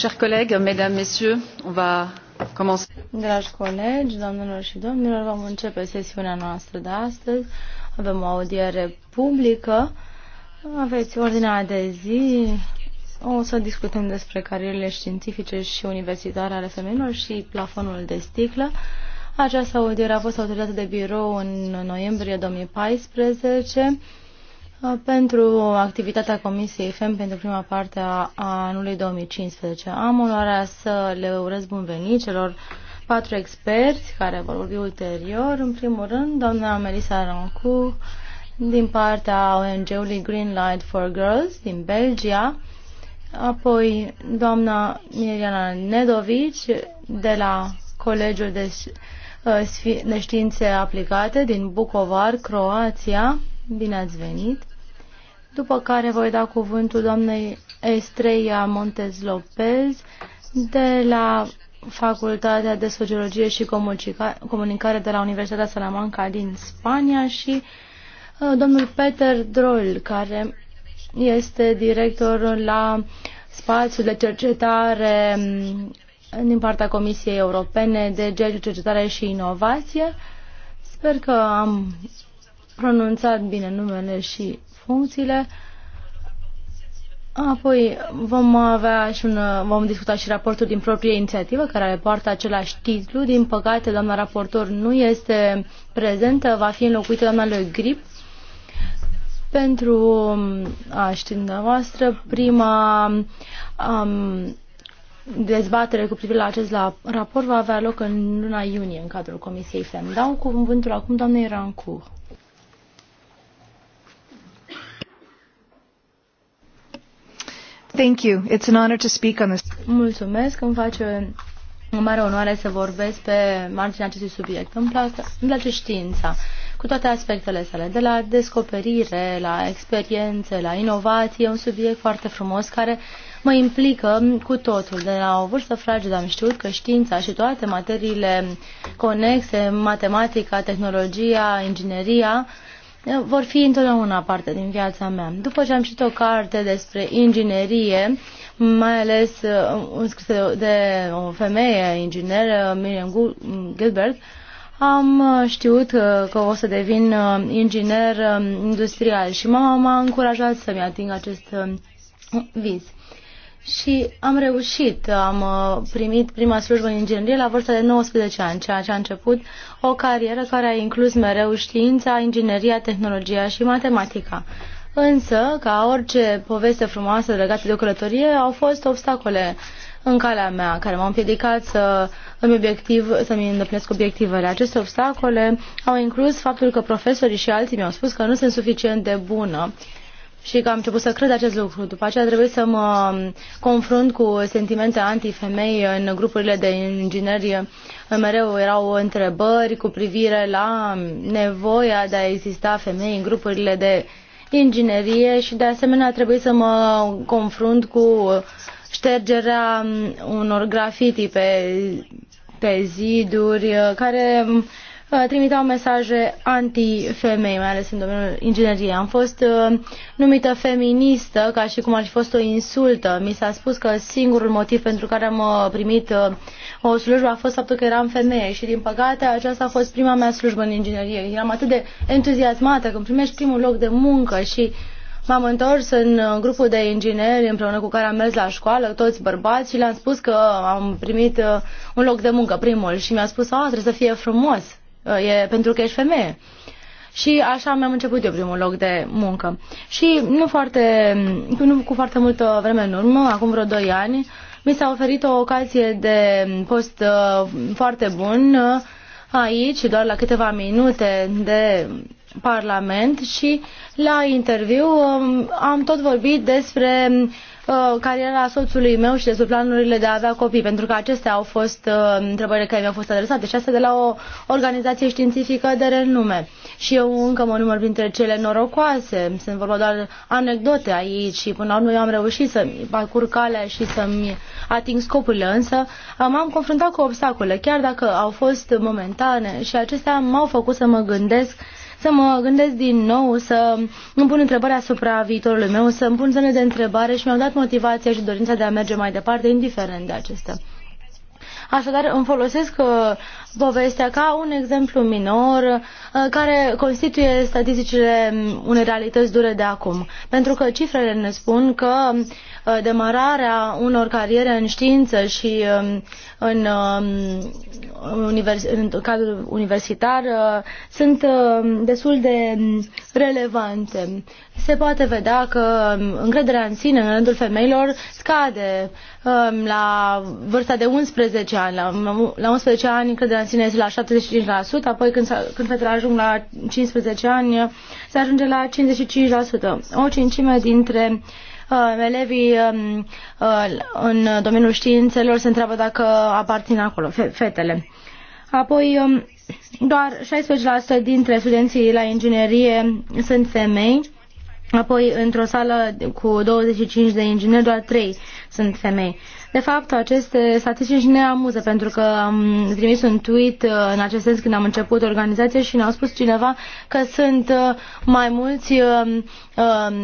Chers collègues, mesdames, messieurs, on va commencer. Dragi colegi, doamnelor și domnilor, vom începe sesiunea noastră de astăzi. Avem o audiere publică. Aveți ordinea de zi. O să discutăm despre carierele științifice și universitare ale femeilor și plafonul de sticlă. Această audiere a fost autorizată de birou în noiembrie 2014 Uh, pentru activitatea Comisiei FEM pentru prima parte a anului 2015. Am onoarea să le urez bun venit celor patru experți care vor vorbi ulterior. În primul rând, doamna Melissa Rancu, din partea ONG-ului Green Light for Girls din Belgia, apoi doamna Miriana Nedovici de la Colegiul de, uh, de Științe Aplicate din Bucovar, Croația. Bine ați venit! după care voi da cuvântul doamnei Estrella Montez Lopez de la Facultatea de Sociologie și Comunicare de la Universitatea Salamanca din Spania și uh, domnul Peter Droll, care este director la spațiul de cercetare mm, din partea Comisiei Europene de Cercetare și Inovație. Sper că am pronunțat bine numele și funcțiile. Apoi vom avea și un, vom discuta și raportul din proprie inițiativă care are poartă același titlu. Din păcate, doamna raportor nu este prezentă, va fi înlocuită doamna lui Grip. Pentru a ști dumneavoastră, prima um, dezbatere cu privire la acest la raport va avea loc în luna iunie în cadrul Comisiei FEM. Dau cuvântul acum doamnei Rancu. Thank you. It's an honor to speak on this. Mulțumesc, îmi face o mare onoare să vorbesc pe marginea acestui subiect. Îmi place, îmi place știința, cu toate aspectele sale, de la descoperire, la experiențe, la inovație, un subiect foarte frumos care mă implică cu totul. De la o vârstă fragedă am știut că știința și toate materiile conexe, matematica, tehnologia, ingineria, vor fi întotdeauna parte din viața mea. După ce am citit o carte despre inginerie, mai ales uh, scrisă de o femeie inginer, Miriam Gilbert, am uh, știut că, uh, că o să devin inginer um, industrial și mama m-a încurajat să-mi ating acest um, vis și am reușit. Am uh, primit prima slujbă în inginerie la vârsta de 19 ani, ceea ce a început o carieră care a inclus mereu știința, ingineria, tehnologia și matematica. Însă, ca orice poveste frumoasă legată de o călătorie, au fost obstacole în calea mea care m-au împiedicat să îmi obiectiv, să-mi îndeplinesc obiectivele. Aceste obstacole au inclus faptul că profesorii și alții mi-au spus că nu sunt suficient de bună și că am început să cred acest lucru. După aceea trebuie să mă confrunt cu sentimente antifemei în grupurile de ingineri. Mereu erau întrebări cu privire la nevoia de a exista femei în grupurile de inginerie și de asemenea trebuie să mă confrunt cu ștergerea unor grafiti pe, pe ziduri care Uh, trimiteau mesaje anti-femei, mai ales în domeniul ingineriei. Am fost uh, numită feministă ca și cum ar fi fost o insultă. Mi s-a spus că singurul motiv pentru care am uh, primit o slujbă a fost faptul că eram femeie și din păcate aceasta a fost prima mea slujbă în inginerie. Eram atât de entuziasmată când primești primul loc de muncă și M-am întors în grupul de ingineri împreună cu care am mers la școală, toți bărbați, și le-am spus că am primit un loc de muncă, primul, și mi-a spus, a, ah, trebuie să fie frumos. Uh, e pentru că ești femeie. Și așa mi-am început eu primul loc de muncă. Și nu foarte, nu cu foarte multă vreme în urmă, acum vreo 2 ani, mi s-a oferit o ocazie de post uh, foarte bun uh, aici, doar la câteva minute de Parlament și la interviu um, am tot vorbit despre Uh, cariera soțului meu și despre planurile de a avea copii, pentru că acestea au fost uh, întrebările care mi-au fost adresate și astea de la o organizație științifică de renume. Și eu încă mă număr printre cele norocoase, sunt vorba doar anecdote aici și până la urmă eu am reușit să-mi parcur calea și să-mi ating scopurile, însă m-am confruntat cu obstacole, chiar dacă au fost momentane și acestea m-au făcut să mă gândesc să mă gândesc din nou, să îmi pun întrebarea asupra viitorului meu, să îmi pun zone de întrebare și mi-au dat motivația și dorința de a merge mai departe, indiferent de acestea. Așadar, îmi folosesc uh, povestea ca un exemplu minor uh, care constituie statisticile mm, unei realități dure de acum. Pentru că cifrele ne spun că uh, demararea unor cariere în știință și um, în, um, univers, în cadrul universitar uh, sunt um, destul de mm, relevante. Se poate vedea că încrederea în sine în rândul femeilor scade la vârsta de 11 ani. La, 11 ani încrederea în sine este la 75%, apoi când, când fetele ajung la 15 ani se ajunge la 55%. O cincime dintre uh, elevii um, uh, în domeniul științelor se întreabă dacă aparțin acolo fe fetele. Apoi, um, doar 16% dintre studenții la inginerie sunt femei, apoi într-o sală cu 25 de ingineri, doar 3 sunt femei. De fapt, aceste statistici ne amuză pentru că am trimis un tweet uh, în acest sens când am început organizația și ne-au spus cineva că sunt uh, mai mulți uh,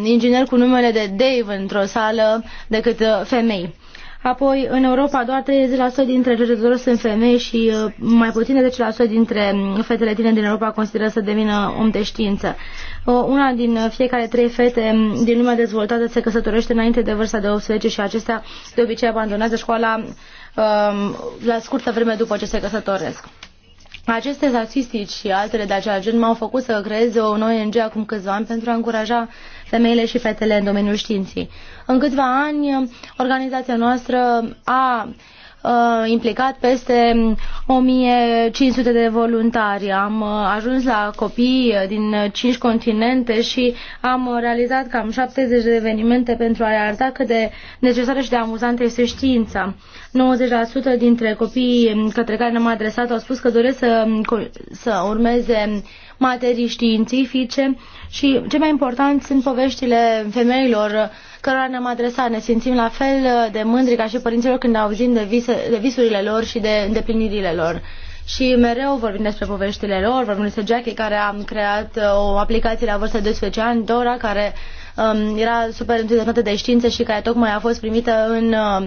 ingineri cu numele de Dave într-o sală decât femei. Apoi, în Europa, doar 30% dintre judecători sunt femei și uh, mai puțin de 10% dintre mm, fetele tine din Europa consideră să devină om de știință. Una din uh, fiecare trei fete mm, din lumea dezvoltată se căsătorește înainte de vârsta de 18 și acestea de obicei abandonează școala um, la scurtă vreme după ce se căsătoresc. Aceste statistici și altele de același gen m-au făcut să creez o ONG acum câțiva ani pentru a încuraja femeile și fetele în domeniul științei. În câțiva ani, organizația noastră a implicat peste 1500 de voluntari. Am ajuns la copii din 5 continente și am realizat cam 70 de evenimente pentru a arăta cât de necesară și de amuzantă este știința. 90% dintre copiii către care ne-am adresat au spus că doresc să, să urmeze materii științifice și ce mai important sunt poveștile femeilor cărora ne-am adresat. Ne simțim la fel de mândri ca și părinților când auzim de, vise, de visurile lor și de îndeplinirile lor și mereu vorbim despre poveștile lor, vorbim despre Jackie care a creat uh, o aplicație la vârsta de 12 ani, Dora care um, era super entuziasmată de știință și care tocmai a fost primită în uh, uh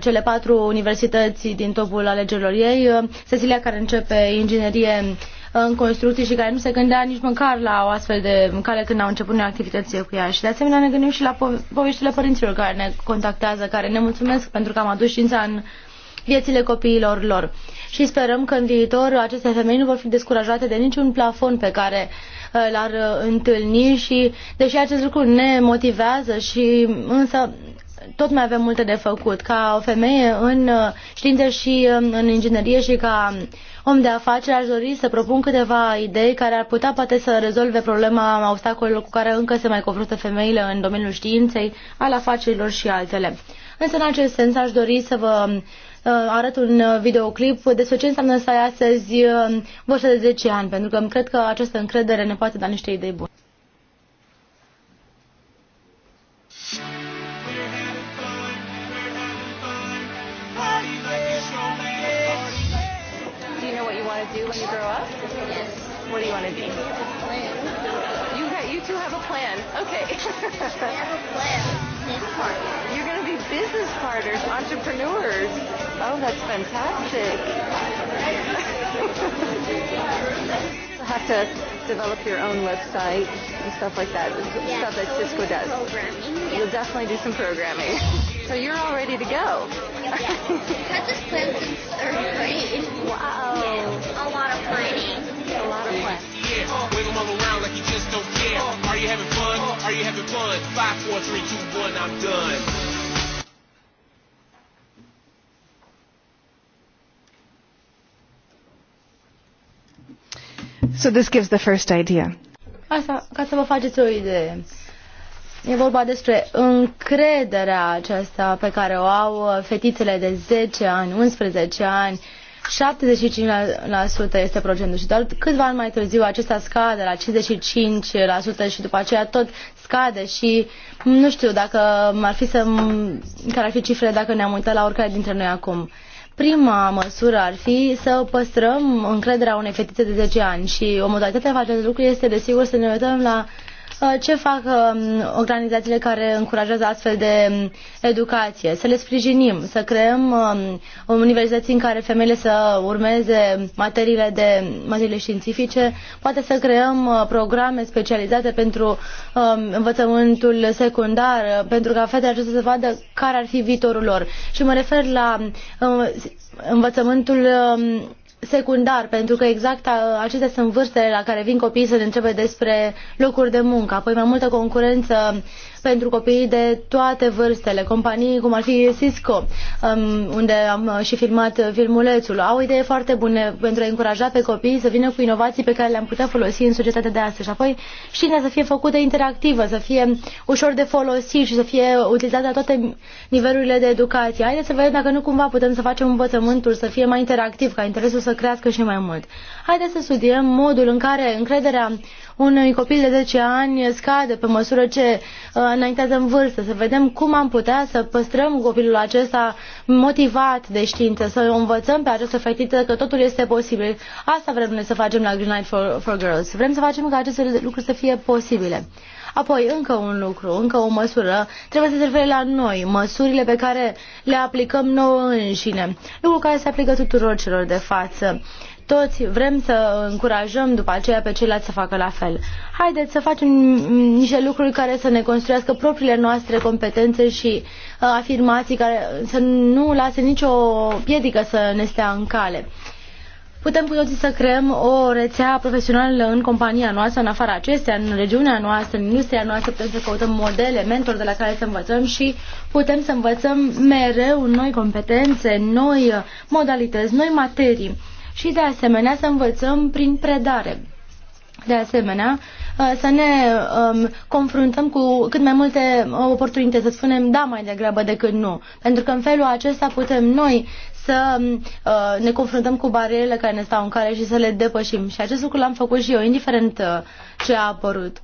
cele patru universități din topul alegerilor ei, uh, Cecilia care începe inginerie în construcții și care nu se gândea nici măcar la o astfel de cale când au început noi activitățile cu ea. Și de asemenea ne gândim și la po- poveștile părinților care ne contactează, care ne mulțumesc pentru că am adus știința în viețile copiilor lor. Și sperăm că în viitor aceste femei nu vor fi descurajate de niciun plafon pe care uh, l-ar uh, întâlni și deși acest lucru ne motivează și însă tot mai avem multe de făcut. Ca o femeie în uh, știință și um, în inginerie și ca om de afaceri aș dori să propun câteva idei care ar putea poate să rezolve problema obstacolelor cu care încă se mai confruntă femeile în domeniul științei, al afacerilor și altele. Însă în acest sens aș dori să vă uh, arăt un uh, videoclip despre ce înseamnă să ai astăzi vârsta de 10 ani, pentru că cred că această încredere ne poate da niște idei bune. Okay. we have a plan. partners. You're going to be business partners, entrepreneurs. Oh, that's fantastic. have to develop your own website and stuff like that. Yeah, stuff that Cisco does. Programming. You'll definitely do some programming. So you're all ready to go. Yeah. I just planned since third grade. Wow. Yeah. A lot of planning. A lot of planning. Yeah. Wiggle all around like you Yeah, are you having fun? Are you having fun? Five, four, three, two, one. I'm done. So this gives the first idea. Asta, ca să vă faceți o idee. E vorba despre încrederea aceasta pe care o au fetițele de 10 ani, 11 ani, 75% este procentul și doar câțiva ani mai târziu acesta scade la 55% și după aceea tot scade și nu știu dacă ar fi să, care ar fi cifrele dacă ne-am uitat la oricare dintre noi acum. Prima măsură ar fi să păstrăm încrederea unei fetițe de 10 ani și o modalitate de a face lucru este desigur să ne uităm la Uh, ce fac um, organizațiile care încurajează astfel de um, educație? Să le sprijinim, să creăm um, universități în care femeile să urmeze materiile, de, materiile științifice, poate să creăm uh, programe specializate pentru învățământul secundar, uh, pentru ca fetele acestea să vadă care ar fi viitorul lor. Și mă refer la învățământul secundar, pentru că exact acestea sunt vârstele la care vin copiii să ne întrebe despre locuri de muncă, apoi mai multă concurență pentru copiii de toate vârstele, companii cum ar fi Cisco, um, unde am uh, și filmat uh, filmulețul, au idei foarte bune pentru a încuraja pe copii să vină cu inovații pe care le-am putea folosi în societatea de astăzi. Și apoi știrea să fie făcută interactivă, să fie ușor de folosit și să fie utilizată la toate nivelurile de educație. Haideți să vedem dacă nu cumva putem să facem învățământul să fie mai interactiv, ca interesul să crească și mai mult. Haideți să studiem modul în care încrederea unui copil de 10 ani scade pe măsură ce uh, înaintează în vârstă, să vedem cum am putea să păstrăm copilul acesta motivat de știință, să o învățăm pe această fetiță că totul este posibil. Asta vrem noi să facem la Green Light for, for Girls. Vrem să facem ca aceste lucruri să fie posibile. Apoi, încă un lucru, încă o măsură, trebuie să se refere la noi, măsurile pe care le aplicăm nouă înșine, lucru care se aplică tuturor celor de față toți vrem să încurajăm după aceea pe ceilalți să facă la fel. Haideți să facem niște lucruri care să ne construiască propriile noastre competențe și uh, afirmații care să nu lase nicio piedică să ne stea în cale. Putem cu toții să creăm o rețea profesională în compania noastră, în afara acestea, în regiunea noastră, în industria noastră, putem să căutăm modele, mentori de la care să învățăm și putem să învățăm mereu noi competențe, noi uh, modalități, noi materii și de asemenea să învățăm prin predare. De asemenea, uh, să ne um, confruntăm cu cât mai multe uh, oportunități, să spunem da mai degrabă decât nu. Pentru că în felul acesta putem noi să um, uh, ne confruntăm cu barierele care ne stau în care și să le depășim. Și acest lucru l-am făcut și eu, indiferent uh, ce a apărut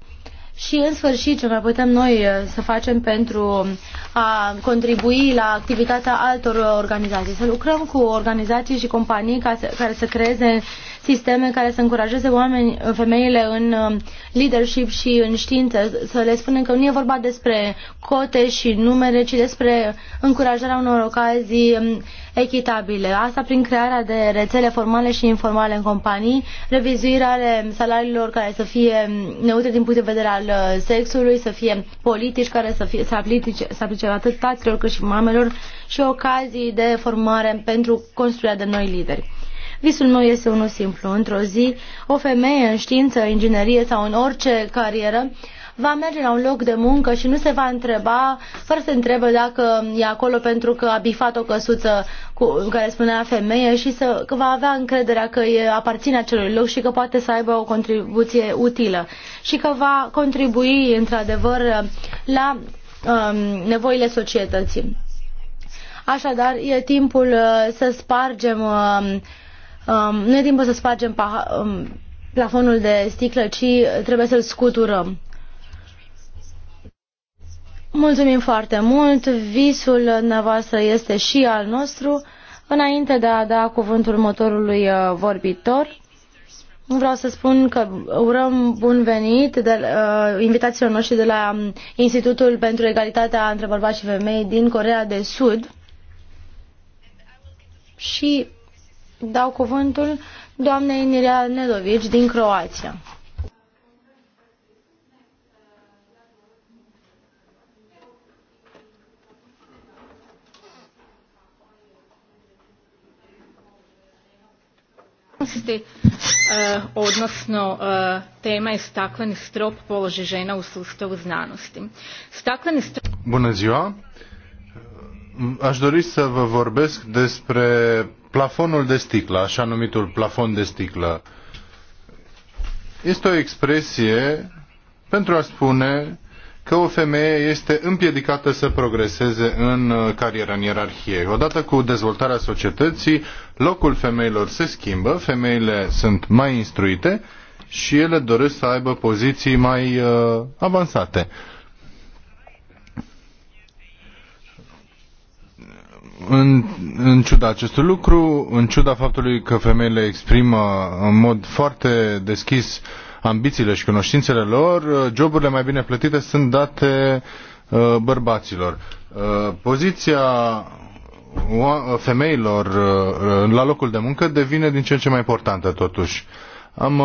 și, în sfârșit, ce mai putem noi uh, să facem pentru a contribui la activitatea altor organizații. Să lucrăm cu organizații și companii ca să, care să creeze sisteme care să încurajeze oameni, femeile în uh, leadership și în știință, să le spunem că nu e vorba despre cote și numere, ci despre încurajarea unor ocazii um, echitabile. Asta prin crearea de rețele formale și informale în companii, revizuirea ale salariilor care să fie um, neutre din punct de vedere al uh, sexului, să fie politici care să, fie, să, aplice, să aplice atât taților cât și mamelor și ocazii de formare pentru construirea de noi lideri. Visul meu este unul simplu. Într-o zi, o femeie în știință, inginerie sau în orice carieră va merge la un loc de muncă și nu se va întreba, fără să întrebe dacă e acolo pentru că a bifat o căsuță cu, care spunea femeie și să, că va avea încrederea că e, aparține acelui loc și că poate să aibă o contribuție utilă și că va contribui într-adevăr la um, nevoile societății. Așadar, e timpul uh, să spargem uh, Um, nu e timpul să spargem paha, um, plafonul de sticlă, ci trebuie să-l scuturăm. Mulțumim foarte mult. Visul nevoastră este și al nostru. Înainte de a da cuvântul următorului uh, vorbitor, vreau să spun că urăm bun venit de, uh, invitațiilor noștri de la um, Institutul pentru Egalitatea între Bărbați și Femei din Corea de Sud. Și Dau cuvântul doamnei Nirea Nedovici din Croația. ovisnosti eh, odnosno eh, tema je stakleni strop položaj žena u sustavu znanosti. Stakleni strop... Bună ziua! Aș dori să vă vorbesc despre plafonul de sticlă, așa numitul plafon de sticlă, este o expresie pentru a spune că o femeie este împiedicată să progreseze în uh, cariera în ierarhie. Odată cu dezvoltarea societății, locul femeilor se schimbă, femeile sunt mai instruite și ele doresc să aibă poziții mai uh, avansate. Uh, În, în ciuda acestui lucru, în ciuda faptului că femeile exprimă în mod foarte deschis ambițiile și cunoștințele lor, joburile mai bine plătite sunt date uh, bărbaților. Uh, poziția femeilor uh, la locul de muncă devine din ce în ce mai importantă totuși. Am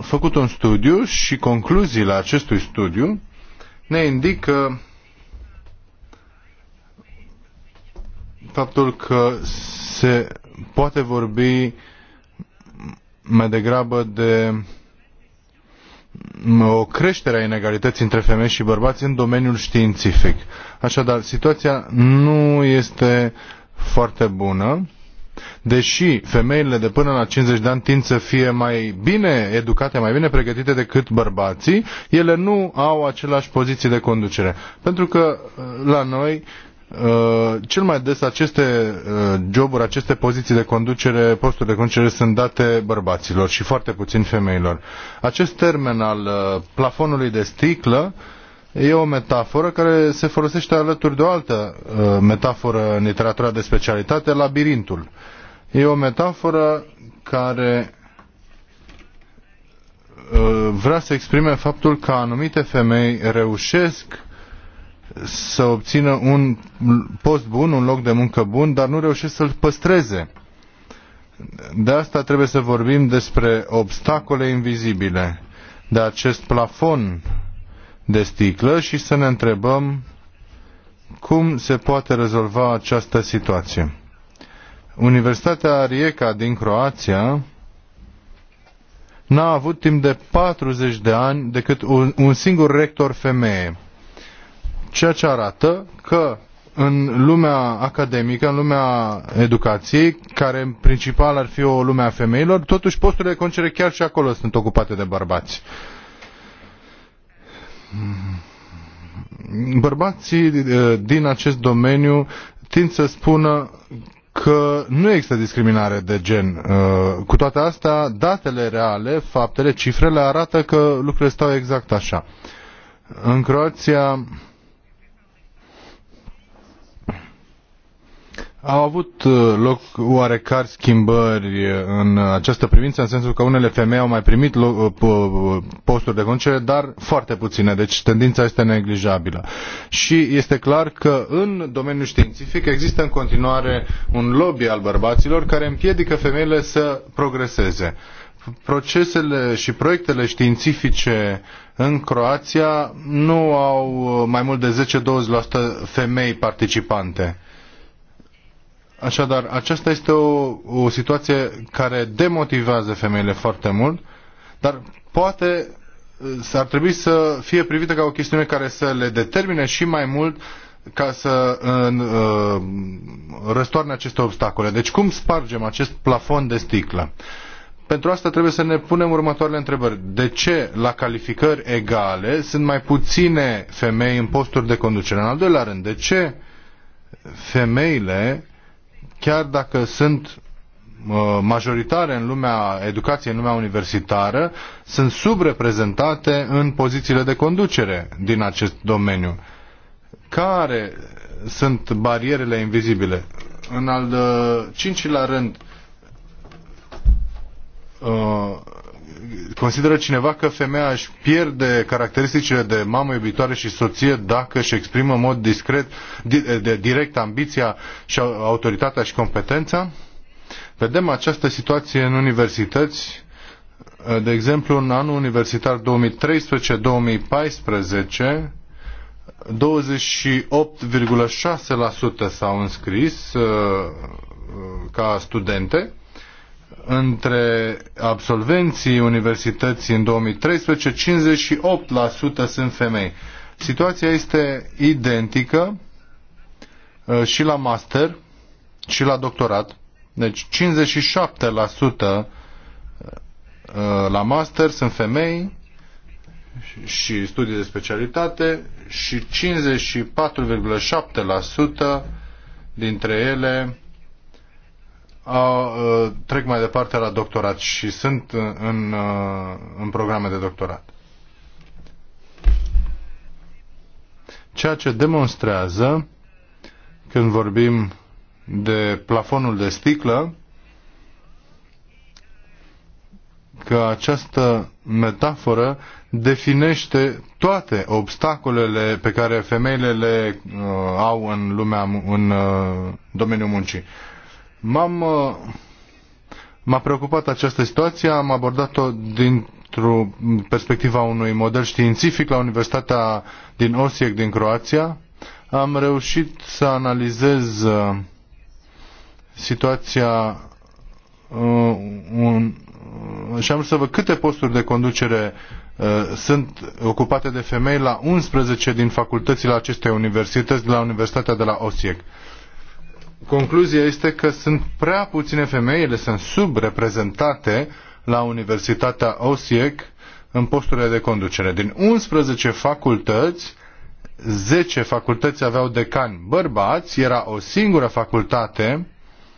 făcut un studiu și concluziile acestui studiu ne indică faptul că se poate vorbi mai degrabă de mm, o creștere a inegalității între femei și bărbați în domeniul științific. Așadar, situația nu este foarte bună, deși femeile de până la 50 de ani tind să fie mai bine educate, mai bine pregătite decât bărbații, ele nu au același poziții de conducere. Pentru că la noi Uh, cel mai des aceste uh, joburi, aceste poziții de conducere, posturi de conducere sunt date bărbaților și foarte puțin femeilor. Acest termen al uh, plafonului de sticlă e o metaforă care se folosește alături de o altă metaforă în literatura de specialitate, labirintul. E o metaforă care vrea să exprime faptul că anumite femei reușesc să obțină un post bun, un loc de muncă bun, dar nu reușesc să-l păstreze. De asta trebuie să vorbim despre obstacole invizibile, de acest plafon de sticlă și să ne întrebăm cum se poate rezolva această situație. Universitatea Rijeka din Croația n-a avut timp de 40 de ani decât un, un singur rector femeie ceea ce arată că în lumea academică, în lumea educației, care în principal ar fi o lume a femeilor, totuși posturile de conducere chiar și acolo sunt ocupate de bărbați. Bărbații eh, din acest domeniu tind să spună că nu există discriminare de gen. Eh, cu toate astea, datele reale, faptele, cifrele arată că lucrurile stau exact așa. În Croația, Au avut uh, loc oarecare schimbări uh, în această privință, în sensul că unele femei au mai primit uh, posturi de conducere, dar foarte puține, deci tendința este neglijabilă. Și este clar că în domeniul științific există în continuare un lobby al bărbaților care împiedică femeile să progreseze. Procesele și proiectele științifice în Croația nu au mai mult de 10-20% femei participante Așadar, aceasta este o, o situație care demotivează femeile foarte mult, dar poate uh, ar trebui să fie privită ca o chestiune care să le determine și mai mult ca să uh, răstoarne aceste obstacole. Deci cum spargem acest plafon de sticlă? Pentru asta trebuie să ne punem următoarele întrebări. De ce la calificări egale sunt mai puține femei în posturi de conducere? În al doilea rând, de ce femeile chiar dacă sunt uh, majoritare în lumea educației, în lumea universitară, sunt subreprezentate în pozițiile de conducere din acest domeniu. Care sunt barierele invizibile? În al uh, cincilea rând, uh, consideră cineva că femeia își pierde caracteristicile de mamă iubitoare și soție dacă își exprimă în mod discret, de direct ambiția și autoritatea și competența? Vedem această situație în universități. De exemplu, în anul universitar 2013-2014, 28,6% s-au înscris uh, ca studente între absolvenții universității în 2013, 58% sunt femei. Situația este identică uh, și la master și la doctorat. Deci 57% uh, la master sunt femei și studii de specialitate și 54,7% dintre ele au, uh, trec mai departe la doctorat și sunt uh, în, uh, în programe de doctorat. Ceea ce demonstrează când vorbim de plafonul de sticlă, că această metaforă definește toate obstacolele pe care femeile le uh, au în lumea, în uh, domeniul muncii. M-am uh, m-a preocupat această situație, am abordat-o dintr-o perspectiva unui model științific la Universitatea din Osijek din Croația. Am reușit să analizez uh, situația uh, un, uh, și am să văd câte posturi de conducere sunt ocupate de femei la 11 din facultățile acestei universități, de la Universitatea de la Osijek concluzia este că sunt prea puține femei, ele sunt subreprezentate la Universitatea OSIEC în posturile de conducere. Din 11 facultăți, 10 facultăți aveau decani bărbați, era o singură facultate,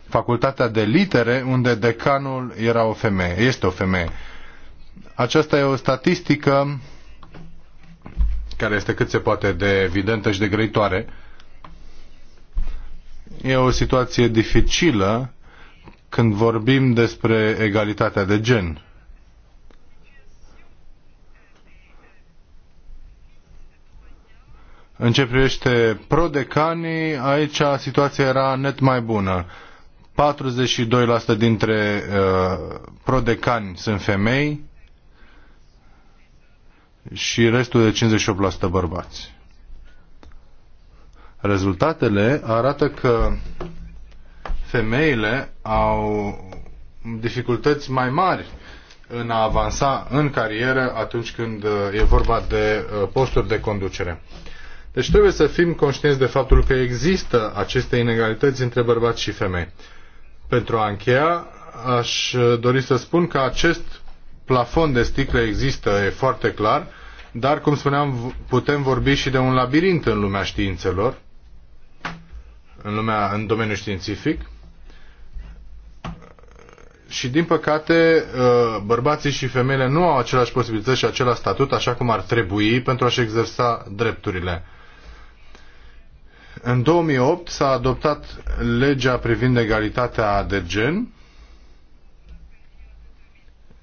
facultatea de litere, unde decanul era o femeie, este o femeie. Aceasta e o statistică care este cât se poate de evidentă și de grăitoare E o situație dificilă când vorbim despre egalitatea de gen. În ce privește prodecanii, aici situația era net mai bună. 42% dintre uh, prodecani sunt femei și restul de 58% bărbați. Rezultatele arată că femeile au dificultăți mai mari în a avansa în carieră atunci când uh, e vorba de uh, posturi de conducere. Deci trebuie să fim conștienți de faptul că există aceste inegalități între bărbați și femei. Pentru a încheia, aș uh, dori să spun că acest plafon de sticlă există, e foarte clar, dar, cum spuneam, putem vorbi și de un labirint în lumea științelor, în lumea, în domeniul științific. Și din păcate, uh, bărbații și femeile nu au aceleași posibilități și același statut așa cum ar trebui pentru a-și exersa drepturile. În 2008 s-a adoptat legea privind egalitatea de gen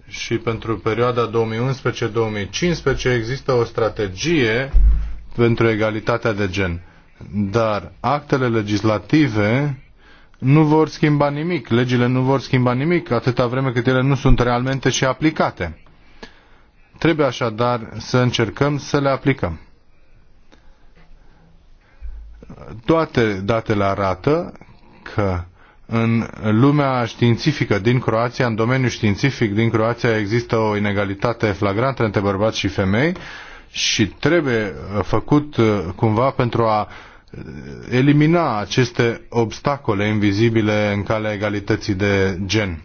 și pentru perioada 2011-2015 există o strategie pentru egalitatea de gen dar actele legislative nu vor schimba nimic, legile nu vor schimba nimic atâta vreme cât ele nu sunt realmente și aplicate. Trebuie așadar să încercăm să le aplicăm. Toate datele arată că în lumea științifică din Croația, în domeniul științific din Croația există o inegalitate flagrantă între bărbați și femei și trebuie făcut uh, cumva pentru a elimina aceste obstacole invizibile în calea egalității de gen.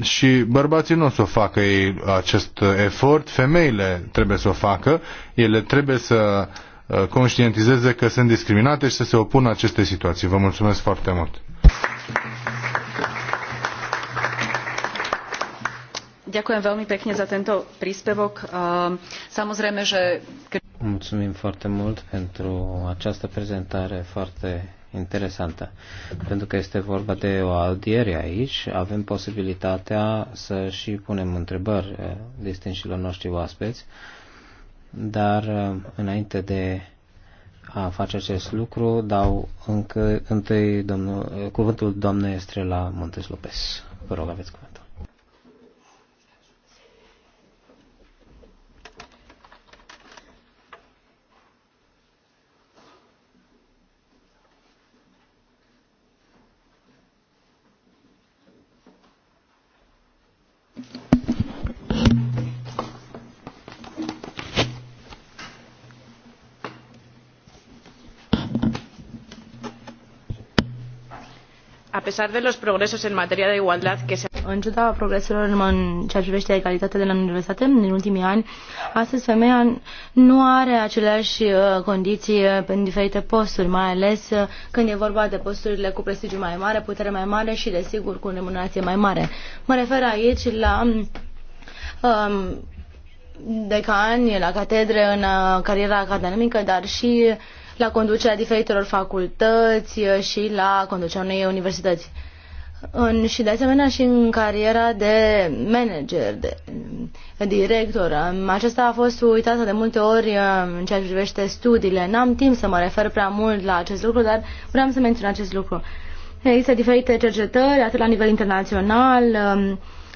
Și bărbații nu o să o facă ei acest efort, femeile trebuie să o facă, ele trebuie să uh, conștientizeze că sunt discriminate și să se opună acestei situații. Vă mulțumesc foarte mult! Ďakujem veľmi pekne za tento príspevok. Ehm, samozrejme, že... Mulțumim foarte mult pentru această prezentare foarte interesantă. Pentru că este vorba de o audiere aici, avem posibilitatea să și punem întrebări eh, distinșilor noștri oaspeți, dar eh, înainte de a face acest lucru, dau încă, întâi domnul, eh, cuvântul doamnei Estrela Montes Lopez. Vă rog, aveți cuvânt. pesar de los progresos en materia de igualdad que se În ciuda progreselor în ceea ce privește egalitatea de la universitate în ultimii ani, astăzi femeia nu are aceleași uh, condiții în uh, diferite posturi, mai ales uh, când e vorba de posturile cu prestigiu mai mare, putere mai mare și, desigur, cu remunerație mai mare. Mă refer aici la um, decani, la catedre, în cariera academică, dar și uh, la conducerea diferitelor facultăți eh, și la conducerea unei universități. În, și de asemenea și în cariera de manager, de eh, director. Acesta a fost uitată de multe ori eh, în ceea ce privește studiile. N-am timp să mă refer prea mult la acest lucru, dar vreau să menționez acest lucru. Există diferite cercetări, atât la nivel internațional,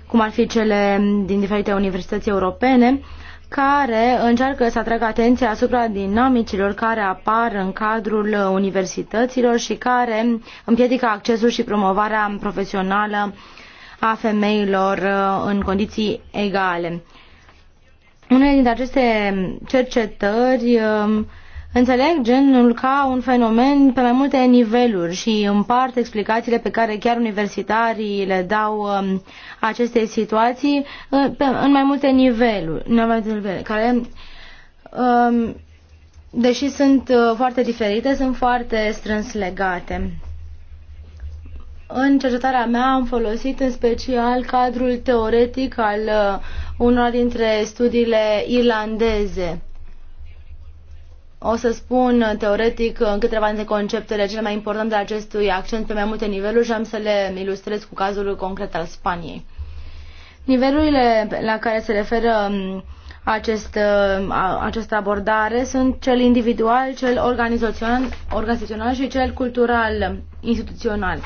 cum ar fi cele din diferite universități europene, care încearcă să atragă atenția asupra dinamicilor care apar în cadrul universităților și care împiedică accesul și promovarea profesională a femeilor uh, în condiții egale. Unele dintre aceste cercetări uh, Înțeleg genul ca un fenomen pe mai multe niveluri și împart explicațiile pe care chiar universitarii le dau um, acestei situații uh, în mai multe niveluri, în mai multe niveluri care um, deși sunt uh, foarte diferite, sunt foarte strâns legate. În cercetarea mea am folosit în special cadrul teoretic al uh, unor dintre studiile irlandeze o să spun uh, teoretic uh, în câteva dintre conceptele cele mai importante ale acestui accent pe mai multe niveluri și am să le ilustrez cu cazul concret al Spaniei. Nivelurile la care se referă um, acest, uh, această abordare sunt cel individual, cel organizațional, organizațional și cel cultural, um, instituțional.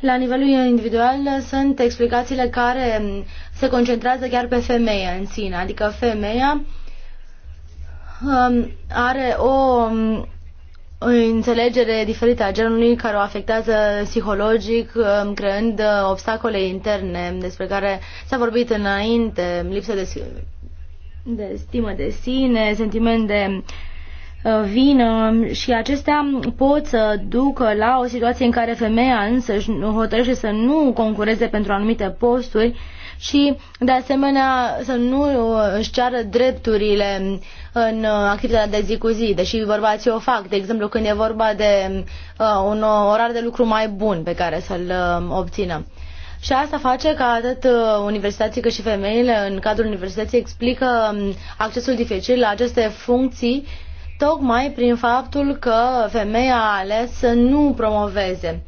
La nivelul individual sunt explicațiile care um, se concentrează chiar pe femeie în sine, adică femeia Um, are o um, înțelegere diferită a genului care o afectează psihologic, um, creând uh, obstacole interne despre care s-a vorbit înainte, lipsă de, de stimă de sine, sentiment de uh, vină și acestea pot să ducă la o situație în care femeia însă hotărăște să nu concureze pentru anumite posturi și de asemenea să nu uh, își ceară drepturile în uh, activitatea de zi cu zi, deși bărbații o fac, de exemplu când e vorba de uh, un orar de lucru mai bun pe care să-l uh, obțină. Și asta face ca atât universității cât și femeile în cadrul universității explică um, accesul dificil la aceste funcții tocmai prin faptul că femeia a ales să nu promoveze.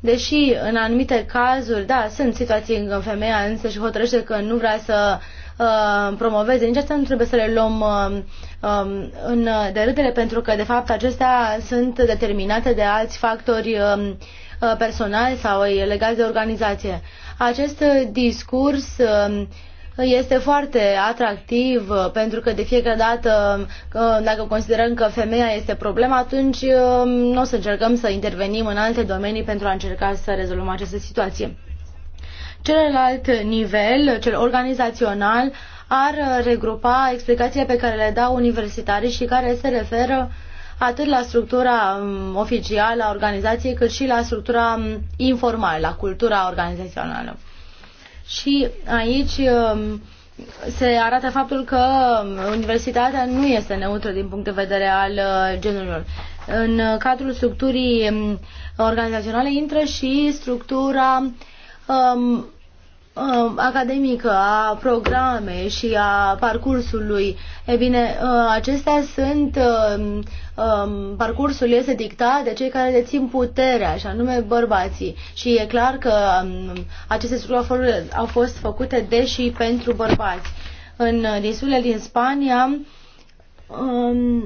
Deși în anumite cazuri, da, sunt situații în care femeia însă și hotărăște că nu vrea să uh, promoveze, nici asta nu trebuie să le luăm uh, Um, în derâdere pentru că de fapt acestea sunt determinate de alți factori um, uh, personali sau legați de organizație. Acest discurs um, este foarte atractiv uh, pentru că de fiecare dată uh, dacă considerăm că femeia este problema, atunci nu o să încercăm să intervenim în alte domenii pentru a încerca să rezolvăm această situație. Celălalt nivel, cel organizațional, ar regrupa explicațiile pe care le dau universitarii și care se referă atât la structura um, oficială a organizației, cât și la structura um, informală, la cultura organizațională. Și aici um, se arată faptul că universitatea nu este neutră din punct de vedere al uh, genurilor. În cadrul structurii organizaționale intră și structura Um, academică, a programei și a parcursului. E bine, uh, acestea sunt, um, um, parcursul este dictat de cei care dețin puterea, și anume bărbații. Și e clar că aceste structuri au fost făcute de și pentru bărbați. În insulele din Spania, uh,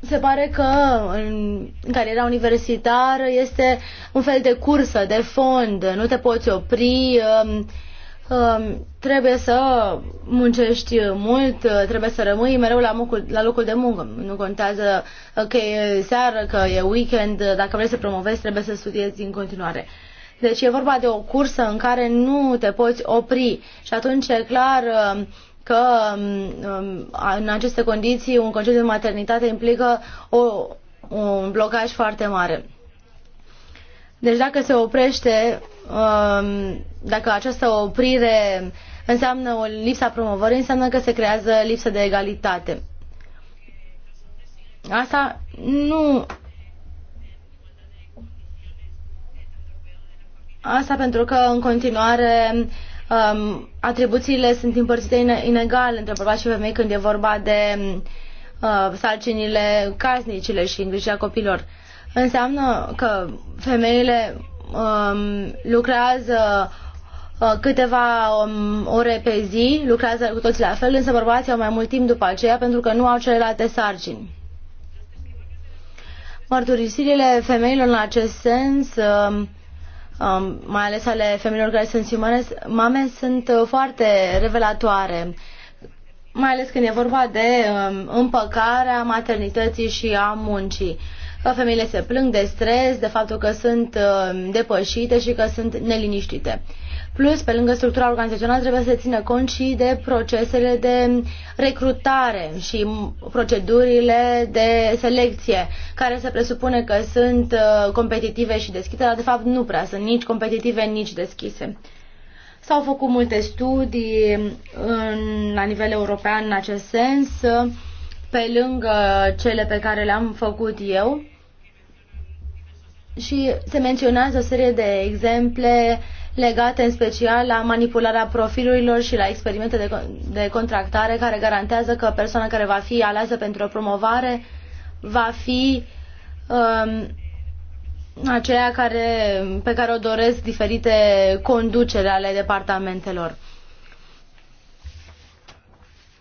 se pare că în, cariera universitară este un fel de cursă, de fond, nu te poți opri, um, um, trebuie să muncești mult, trebuie să rămâi mereu la, mucul, la locul de muncă. Nu contează că e seară, că e weekend, dacă vrei să promovezi, trebuie să studiezi în continuare. Deci e vorba de o cursă în care nu te poți opri și atunci e clar um, că um, um, în aceste condiții un concediu de maternitate implică o, un blocaj foarte mare. Deci dacă se oprește, um, dacă această oprire înseamnă o lipsa promovării, înseamnă că se creează lipsă de egalitate. Asta nu... Asta pentru că în continuare um, atribuțiile sunt împărțite inegal între bărbați și femei când e vorba de uh, sarcinile casnicile și îngrijirea copilor. Înseamnă că femeile um, lucrează uh, câteva um, ore pe zi, lucrează cu toții la fel, însă bărbații au mai mult timp după aceea pentru că nu au celelalte sarcini. Mărturisirile femeilor în acest sens uh, Um, mai ales ale femeilor care sunt simare, mame, sunt uh, foarte revelatoare, mai ales când e vorba de um, împăcarea maternității și a muncii femeile se plâng de stres, de faptul că sunt uh, depășite și că sunt neliniștite. Plus, pe lângă structura organizațională, trebuie să țină cont și de procesele de recrutare și procedurile de selecție, care se presupune că sunt uh, competitive și deschise, dar de fapt nu prea sunt nici competitive, nici deschise. S-au făcut multe studii în, la nivel european în acest sens, pe lângă cele pe care le-am făcut eu și se menționează o serie de exemple legate în special la manipularea profilurilor și la experimente de, de contractare care garantează că persoana care va fi aleasă pentru o promovare va fi um, aceea care, pe care o doresc diferite conducere ale departamentelor.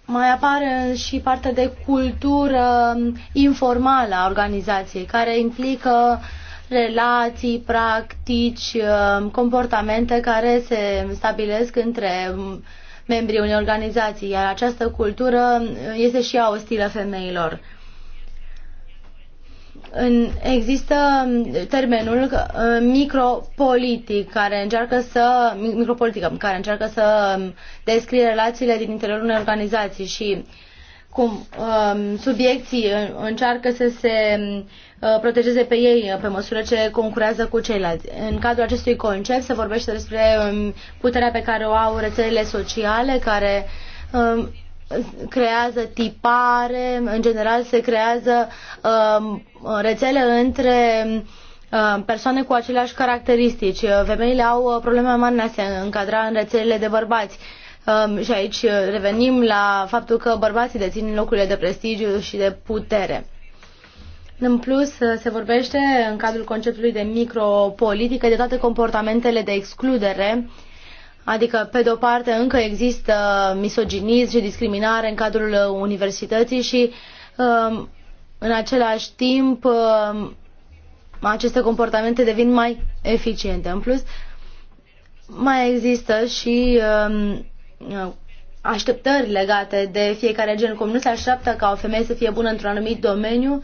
Mai apare și partea de cultură um, informală a organizației, care implică uh, relații, practici, um, comportamente care se stabilesc între membrii unei organizații, iar această cultură uh, este și ea ostilă femeilor. Există um, termenul uh, micropolitic care încearcă să micropolitică, care încearcă să um, descrie relațiile din interiorul unei organizații și cum subiecții uh, încearcă să se uh, Uh, protejeze pe ei uh, pe măsură ce concurează cu ceilalți. În cadrul acestui concept se vorbește despre um, puterea pe care o au rețelele sociale, care um, creează tipare, în general se creează um, rețele între persoane cu aceleași caracteristici. Uh, femeile au probleme mari în a se încadra în rețelele de bărbați. Și aici revenim la faptul că bărbații dețin locurile de prestigiu și de putere. În plus, uh, se vorbește în cadrul conceptului de micropolitică de toate comportamentele de excludere, adică, pe de o parte, încă există misoginism și discriminare în cadrul uh, universității și, um, în același timp, um, aceste comportamente devin mai eficiente. În plus, mai există și um, uh, așteptări legate de fiecare gen. Cum nu se așteaptă ca o femeie să fie bună într-un anumit domeniu,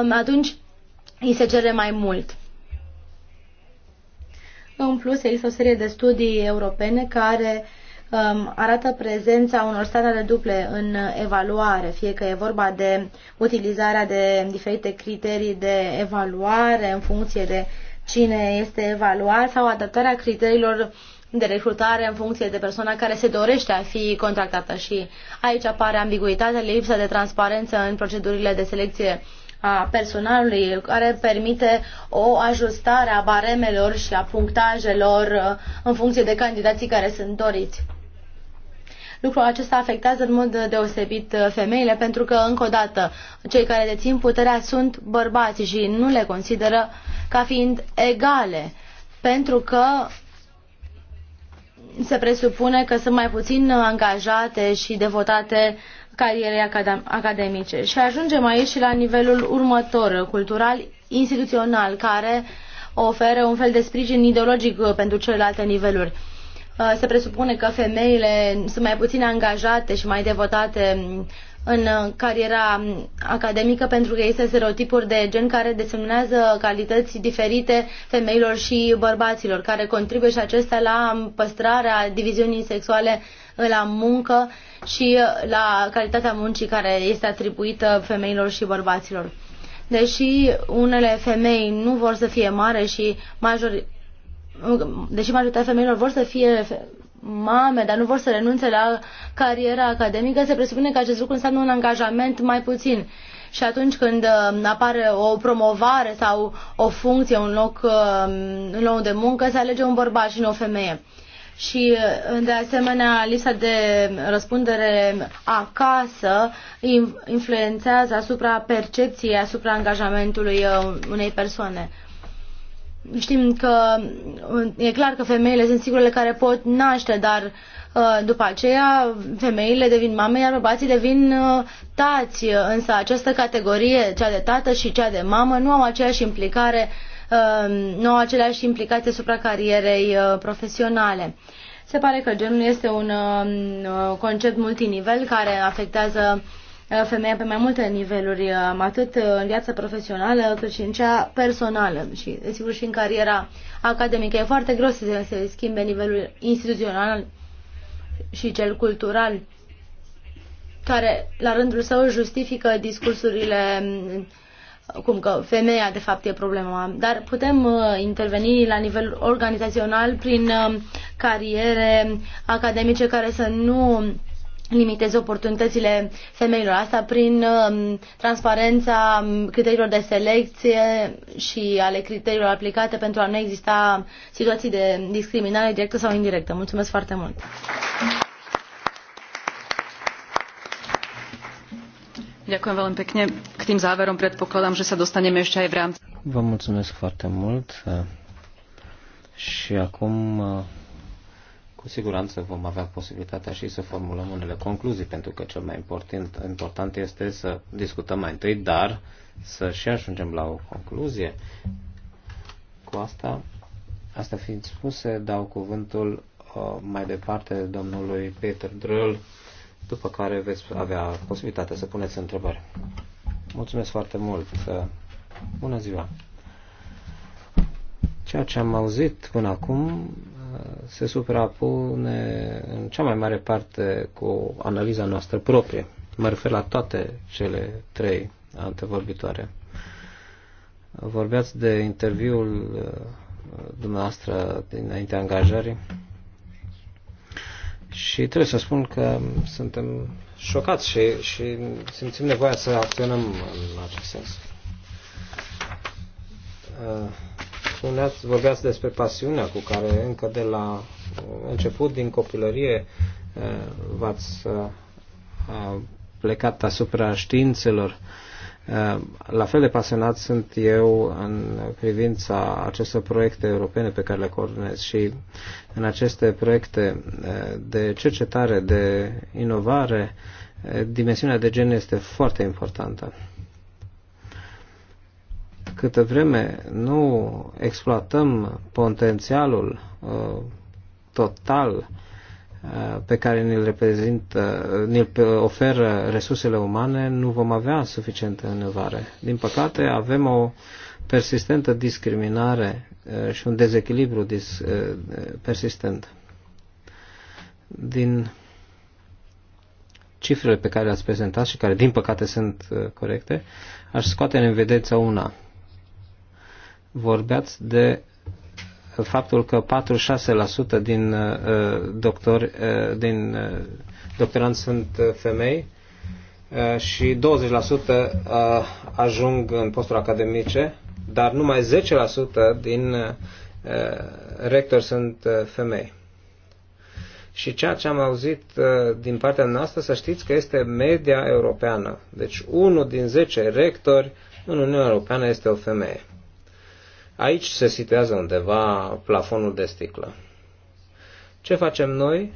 Um, atunci îi se cere mai mult. În plus, există o serie de studii europene care um, arată prezența unor standarde duple în evaluare, fie că e vorba de utilizarea de diferite criterii de evaluare în funcție de cine este evaluat sau adaptarea criteriilor de recrutare în funcție de persoana care se dorește a fi contractată și aici apare ambiguitatea, lipsa de transparență în procedurile de selecție a personalului, care permite o ajustare a baremelor și a punctajelor uh, în funcție de candidații care sunt doriți. Lucrul acesta afectează în mod deosebit uh, femeile pentru că, încă o dată, cei care dețin puterea sunt bărbați și nu le consideră ca fiind egale, pentru că se presupune că sunt mai puțin uh, angajate și devotate uh, carierei academice. Și ajungem aici și la nivelul următor, cultural, instituțional, care oferă un fel de sprijin ideologic uh, pentru celelalte niveluri. Uh, se presupune că femeile sunt mai puțin angajate și mai devotate mm, în uh, cariera mm, academică pentru că există stereotipuri de gen care desemnează calități diferite femeilor și bărbaților, care contribuie și acestea la mm, păstrarea diviziunii sexuale la muncă și uh, la calitatea muncii care este atribuită femeilor și bărbaților. Deși unele femei nu vor să fie mare și majori, deși majoritatea femeilor vor să fie mame, dar nu vor să renunțe la cariera academică, se presupune că acest lucru înseamnă un angajament mai puțin și atunci când uh, apare o promovare sau o funcție, un loc, uh, un loc de muncă, se alege un bărbat și nu o femeie și, uh, de asemenea, lista de răspundere acasă influențează asupra percepției, asupra angajamentului uh, unei persoane. Știm că uh, e clar că femeile sunt singurele care pot naște, dar după aceea femeile devin mame, iar bărbații devin tați. Însă această categorie, cea de tată și cea de mamă, nu au aceeași implicare uh, Um, nu au aceleași implicații asupra carierei uh, profesionale. Se pare că genul este un um, uh, concept multinivel care afectează uh, femeia pe mai multe niveluri, um, atât în viața profesională cât și în cea personală și, desigur, și în cariera academică. E foarte greu să se schimbe nivelul instituțional și cel cultural, care, la rândul său, justifică discursurile cum că femeia de fapt e problema, dar putem uh, interveni la nivel organizațional prin uh, cariere academice care să nu limiteze oportunitățile femeilor. Asta prin um, transparența criteriilor de selecție și ale criteriilor aplicate pentru a nu exista situații de discriminare directă sau indirectă. Mulțumesc foarte mult! Ďakujem veľmi pekne. K tým záverom predpokladám, že sa dostaneme ešte aj v rámci. Vă mulțumesc foarte mult și acum cu siguranță vom avea posibilitatea și să formulăm unele concluzii, pentru că cel mai important, important este să discutăm mai întâi, dar să și ajungem la o concluzie. Cu asta, asta fiind spuse, dau cuvântul uh, mai departe domnului Peter Drăl, după care veți avea posibilitatea să puneți întrebări. Mulțumesc foarte mult! Bună ziua! Ceea ce am auzit până acum uh, se suprapune în cea mai mare parte cu analiza noastră proprie. Mă refer la toate cele trei antevorbitoare. Vorbeați de interviul uh, dumneavoastră dinaintea angajării și trebuie să spun că suntem șocați și, și simțim nevoia să acționăm în acest sens. Uh, spuneați, vorbeați despre pasiunea cu care încă de la început din copilărie uh, v-ați uh, plecat asupra științelor Uh, la fel de pasionat sunt eu în privința acestor proiecte europene pe care le coordonez și în aceste proiecte uh, de cercetare, de inovare, uh, dimensiunea de gen este foarte importantă. Câtă vreme nu exploatăm potențialul total Uh, pe care ne-l reprezintă, ne oferă resursele umane, nu vom avea suficientă inovare. Din păcate, avem o persistentă discriminare uh, și un dezechilibru uh, persistent. Din cifrele pe care le-ați prezentat și care, din păcate, sunt corecte, aș scoate în vedeță una. Vorbeați de faptul că 46% din uh, doctori, uh, din uh, doctoranți sunt femei și 20% ajung în posturi academice, dar numai 10% din rectori sunt femei. Și ceea ce am auzit din partea noastră, să știți că este media europeană. Deci unul din 10 rectori în Uniunea Europeană este o femeie. Aici se situează undeva plafonul de sticlă. Ce facem noi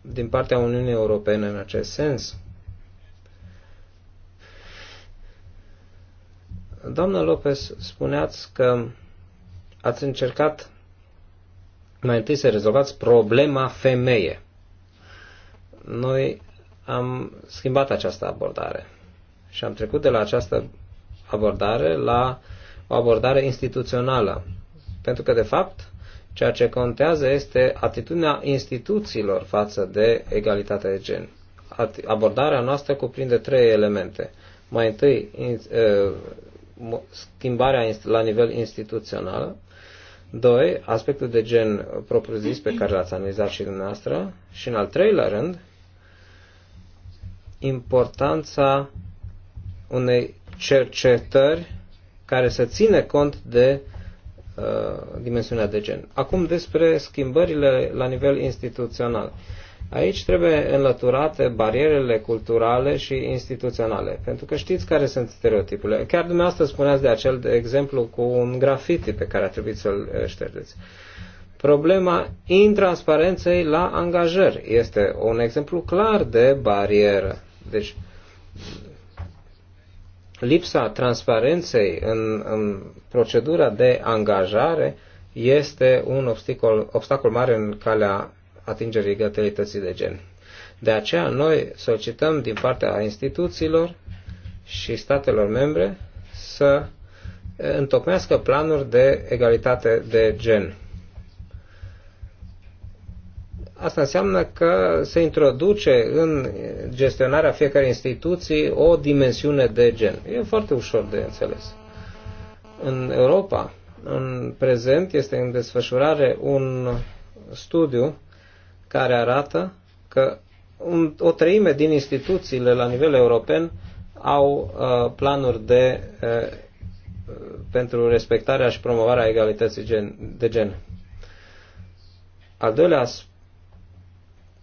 din partea Uniunii Europene în acest sens? Doamna Lopez, spuneați că ați încercat mai întâi să rezolvați problema femeie. Noi am schimbat această abordare și am trecut de la această abordare la uh, o abordare instituțională. Pentru că, de fapt, ceea ce contează este atitudinea instituțiilor față de egalitatea de gen. Abordarea noastră cuprinde trei elemente. Mai întâi, schimbarea la nivel instituțional, Doi, aspectul de gen propriu-zis pe care l-ați analizat și dumneavoastră. Și în al treilea rând, importanța unei cercetări care să țină cont de uh, dimensiunea de gen. Acum despre schimbările la nivel instituțional. Aici trebuie înlăturate barierele culturale și instituționale, pentru că știți care sunt stereotipurile. Chiar dumneavoastră spuneați de acel de exemplu cu un grafiti pe care a trebuit să-l uh, ștergeți. Problema intransparenței la angajări este un exemplu clar de barieră. Deci, lipsa transparenței în, în procedura de angajare este un obstacol, obstacol mare în calea atingerii egalității de gen. De aceea noi solicităm din partea instituțiilor și statelor membre să eh, întocmească planuri de egalitate de gen. Asta înseamnă că se introduce în gestionarea fiecărei instituții o dimensiune de gen. E foarte ușor de înțeles. În Europa, în prezent, este în desfășurare un studiu care arată că un, o treime din instituțiile la nivel european au uh, planuri de, uh, pentru respectarea și promovarea egalității gen, de gen. Al doilea aspect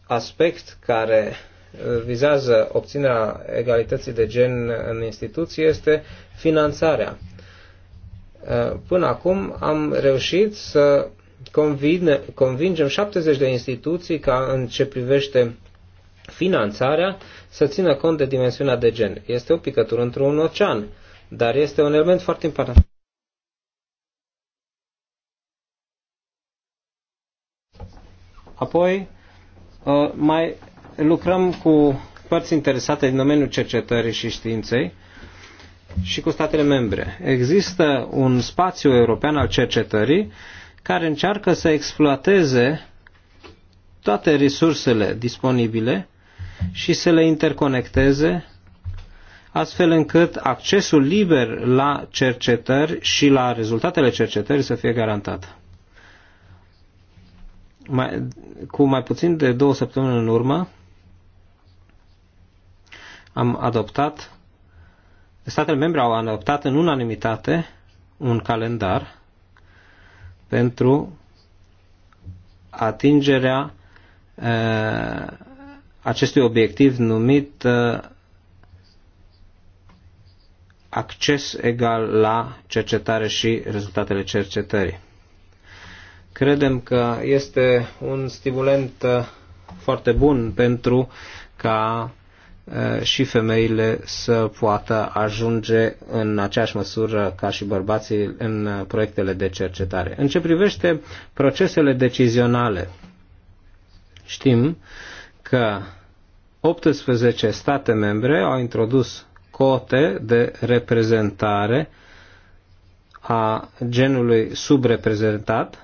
aspect care uh, vizează obținerea egalității de gen în instituții este finanțarea. Uh, până acum am reușit să convine, convingem 70 de instituții ca în ce privește finanțarea să țină cont de dimensiunea de gen. Este o picătură într-un ocean, dar este un element foarte important. Apoi, Uh, mai lucrăm cu părți interesate din domeniul cercetării și științei și cu statele membre. Există un spațiu european al cercetării care încearcă să exploateze toate resursele disponibile și să le interconecteze astfel încât accesul liber la cercetări și la rezultatele cercetării să fie garantat mai, cu mai puțin de două săptămâni în urmă, am adoptat, statele membre au adoptat în unanimitate un calendar pentru atingerea uh, acestui obiectiv numit uh, acces egal la cercetare și rezultatele cercetării. Credem că este un stimulent uh, foarte bun pentru ca uh, și femeile să poată ajunge în aceeași măsură ca și bărbații în uh, proiectele de cercetare. În ce privește procesele decizionale, știm că 18 state membre au introdus cote de reprezentare a genului subreprezentat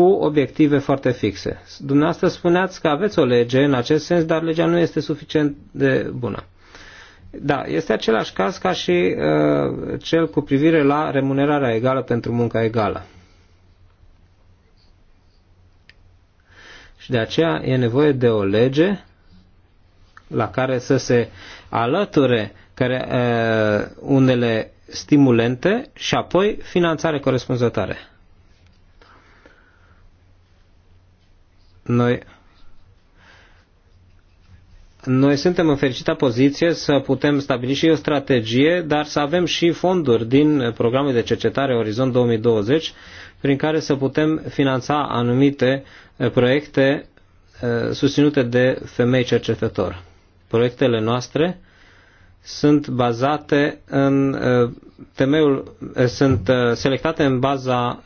cu obiective foarte fixe. Dumneavoastră spuneați că aveți o lege în acest sens, dar legea nu este suficient de bună. Da, este același caz ca și uh, cel cu privire la remunerarea egală pentru munca egală. Și de aceea e nevoie de o lege la care să se alăture care, uh, unele stimulente și apoi finanțare corespunzătoare. Noi, noi suntem în fericită poziție să putem stabili și o strategie, dar să avem și fonduri din programul de cercetare Orizont 2020, prin care să putem finanța anumite eh, proiecte eh, susținute de femei cercetători. Proiectele noastre sunt bazate în eh, temeiul, sunt selectate în baza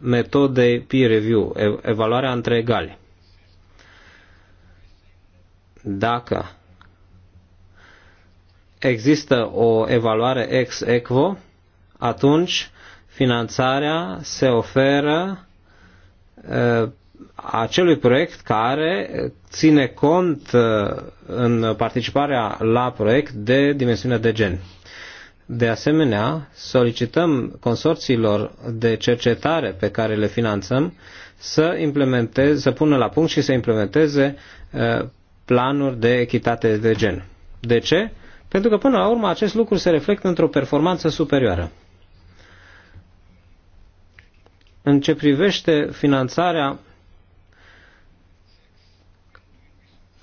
metodei peer review, evaluarea între egali dacă există o evaluare ex equo, atunci finanțarea se oferă acelui proiect care ține cont în participarea la proiect de dimensiunea de gen. De asemenea, solicităm consorțiilor de cercetare pe care le finanțăm să implementeze, să pună la punct și să implementeze planuri de echitate de gen. De ce? Pentru că până la urmă acest lucru se reflectă într-o performanță superioară. În ce privește finanțarea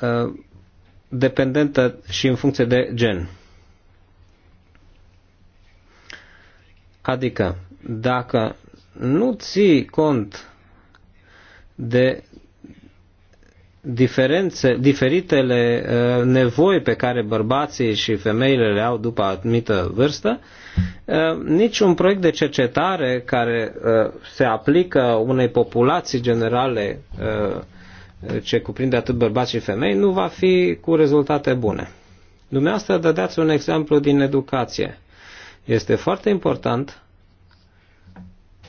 uh, dependentă și în funcție de gen. Adică, dacă nu ții cont de diferențe, diferitele uh, nevoi pe care bărbații și femeile le au după anumită vârstă, uh, niciun proiect de cercetare care uh, se aplică unei populații generale ce cuprinde atât bărbați și femei nu va fi cu rezultate bune. Dumneavoastră dădeați un exemplu din educație. Este foarte important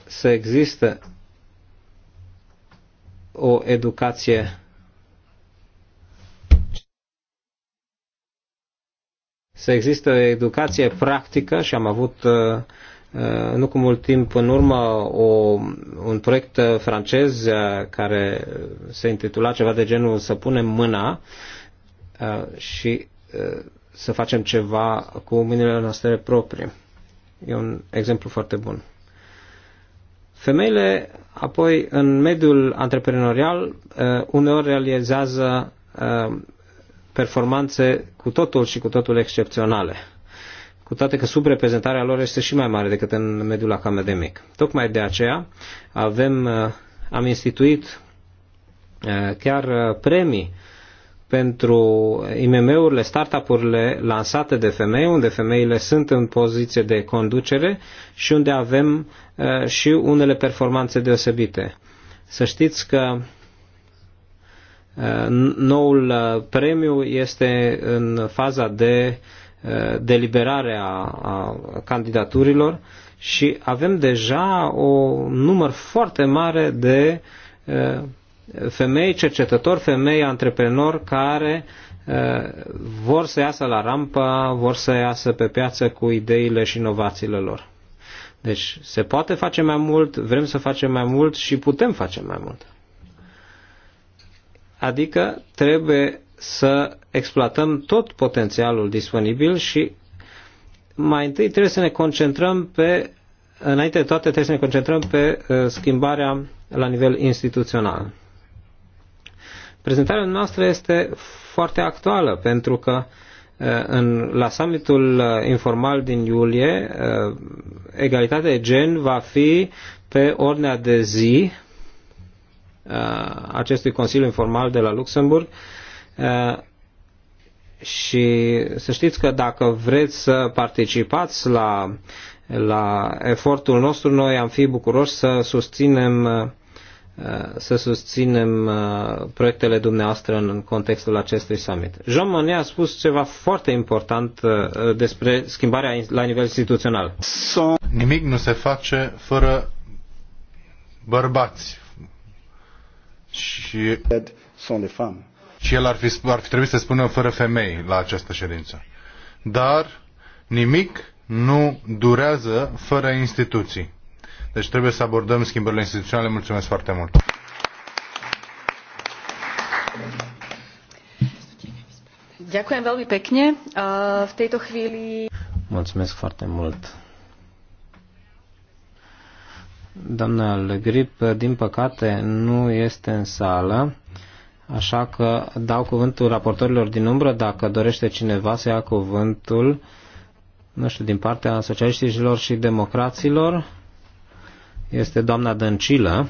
să există o educație să există educație practică și am avut uh, uh, nu cu mult timp în urmă o, un proiect francez uh, care se intitula ceva de genul să punem mâna și să facem ceva cu mâinile noastre proprii. E un exemplu foarte bun. Femeile, apoi, în mediul antreprenorial, uneori realizează performanțe cu totul și cu totul excepționale, cu toate că subreprezentarea lor este și mai mare decât în mediul academic. Tocmai de aceea avem, uh, am instituit uh, chiar uh, premii pentru IMM-urile, startup-urile lansate de femei, unde femeile sunt în poziție de conducere și unde avem și unele performanțe deosebite. Să știți că Uh, noul uh, premiu este în faza de uh, deliberare a, candidaturilor și avem deja un număr foarte mare de femei cercetători, femei antreprenori care vor să iasă la rampă, vor să iasă pe piață cu ideile și inovațiile lor. Deci se poate face mai mult, vrem să facem mai mult și putem face mai mult. Adică trebuie să exploatăm tot potențialul disponibil și mai întâi trebuie să ne concentrăm pe, înainte de toate trebuie să ne concentrăm pe uh, schimbarea la nivel instituțional. Prezentarea noastră este foarte actuală pentru că uh, în, la summitul uh, informal din iulie, egalitatea de gen va fi pe ordinea de zi Uh, acestui Consiliu Informal de la Luxemburg. Uh, și să știți că dacă vreți să participați la, la efortul nostru, noi am fi bucuroși să susținem uh, să susținem proiectele dumneavoastră în contextul acestui summit. Jean Monnet a spus ceva foarte important despre schimbarea la nivel instituțional. Nimic nu se face fără bărbați, și, și el ar fi, ar fi trebuit să spună fără femei la această ședință. Dar nimic nu durează fără instituții. Deci trebuie să abordăm schimbările instituționale. Mulțumesc foarte mult! Mulțumesc foarte mult. Domnul Grip, din păcate, nu este în sală, așa că dau cuvântul raportorilor din umbră. Dacă dorește cineva să ia cuvântul, nu știu, din partea socialiștilor și democraților, este doamna Dăncilă,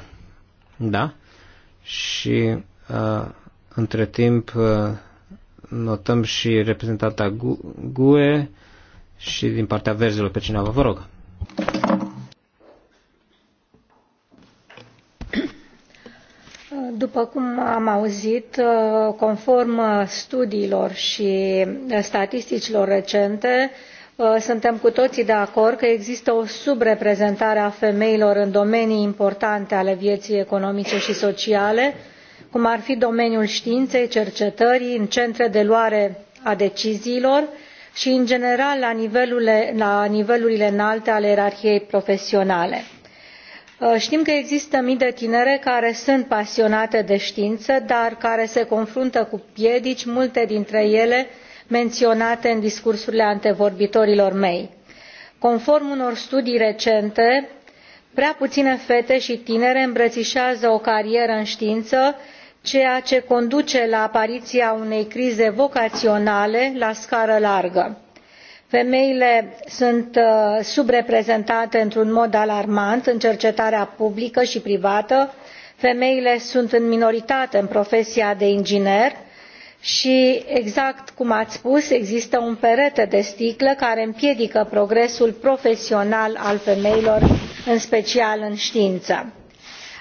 da? Și uh, între timp uh, notăm și reprezentanta GUE și din partea verzilor pe cineva. Vă rog. După cum am auzit, uh, conform studiilor și uh, statisticilor recente, uh, suntem cu toții de acord că există o subreprezentare a femeilor în domenii importante ale vieții economice și sociale, cum ar fi domeniul științei, cercetării, în centre de luare a deciziilor și, în general, la, la nivelurile înalte ale ierarhiei profesionale Uh, știm că există mii de tinere care sunt pasionate de știință dar care se confruntă cu piedici multe dintre ele menționate în discursurile antevorbitorilor mei. conform unor studii recente prea puține fete și tinere îmbrățișează o carieră în știință ceea ce conduce la apariția unei crize vocaționale la scară largă femeile sunt uh, subreprezentate într un mod alarmant în cercetarea publică și privată femeile sunt în minoritate în profesia de inginer și exact cum ați spus există un perete de sticlă care împiedică progresul profesional al femeilor în special în știință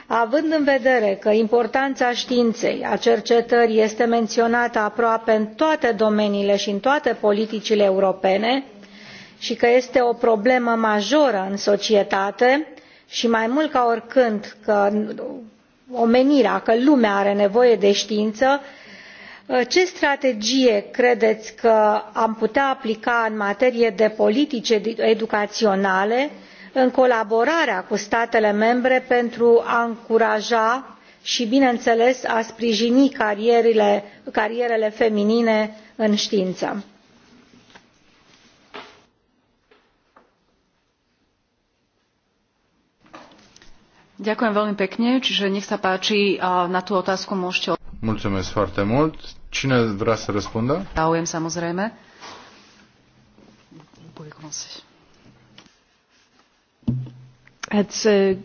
având în vedere că importanța științei a cercetării este menționată aproape în toate domeniile și în toate politicile europene și că este o problemă majoră în societate și mai mult ca oricând că omenirea că lumea are nevoie de știință ce strategie credeți că am putea aplica în materie de politici educaționale în colaborarea cu statele membre pentru a încuraja și bineînțeles a sprijini carierele, feminine în știință. Ďakujem veľmi pekne, čiže nech sa páči, na tú otázku môžete... Mulțumesc foarte mult. Cine vrea să răspundă? Záujem, samozrejme. Vous pouvez That's a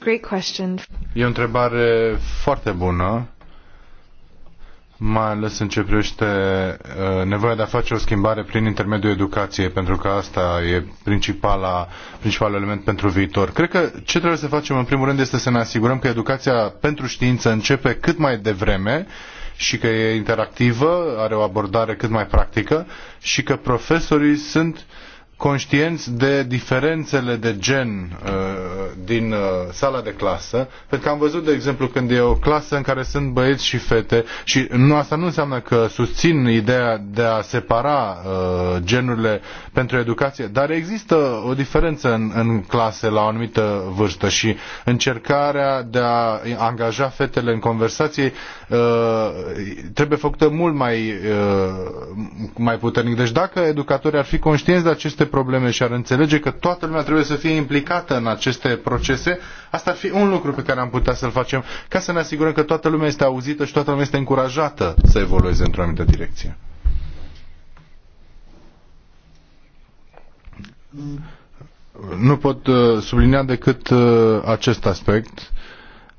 great question. E o întrebare foarte bună, mai ales în ce privește uh, nevoia de a face o schimbare prin intermediul educației, pentru că asta e principala, principalul element pentru viitor. Cred că ce trebuie să facem în primul rând este să ne asigurăm că educația pentru știință începe cât mai devreme, și că e interactivă, are o abordare cât mai practică și că profesorii sunt conștienți de diferențele de gen uh, din uh, sala de clasă, pentru că am văzut, de exemplu, când e o clasă în care sunt băieți și fete și nu asta nu înseamnă că susțin ideea de a separa uh, genurile pentru educație, dar există o diferență în, în clase la o anumită vârstă și încercarea de a angaja fetele în conversații trebuie făcută mult mai, mai puternic. Deci dacă educatorii ar fi conștienți de aceste aceste probleme și ar înțelege că toată lumea trebuie să fie implicată în aceste procese, asta ar fi un lucru pe care am putea să-l facem ca să ne asigurăm că toată lumea este auzită și toată lumea este încurajată să evolueze într-o anumită direcție. Nu pot uh, sublinia decât uh, acest aspect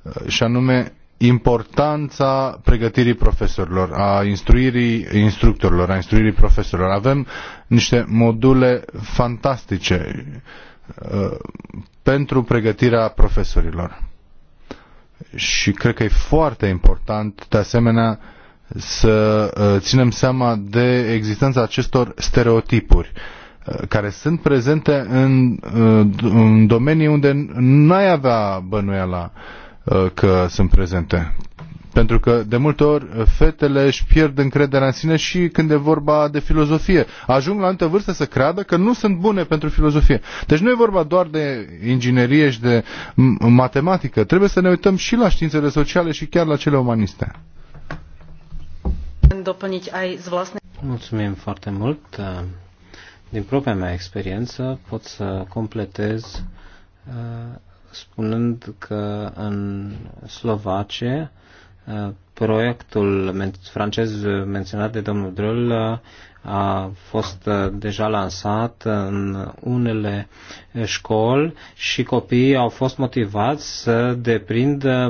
uh, și anume importanța pregătirii profesorilor, a instruirii instructorilor, a instruirii profesorilor. Avem niște module fantastice uh, pentru pregătirea profesorilor. Și cred că e foarte important, de asemenea, să uh, ținem seama de existența acestor stereotipuri uh, care sunt prezente în, în domenii unde n-ai avea bănuiala că sunt prezente. Pentru că, de multe ori, uh, fetele își pierd încrederea în sine și când e vorba de filozofie. Ajung la anumită vârstă să creadă că nu sunt bune pentru filozofie. Deci nu e vorba doar de inginerie și de matematică. Trebuie să ne uităm și la științele sociale și chiar la cele umaniste. Mulțumim foarte mult. Uh, din propria mea experiență pot să completez uh, spunând că în Slovacie proiectul francez menționat de domnul Drăl a fost uh, deja lansat în unele școli și copiii au fost motivați să deprindă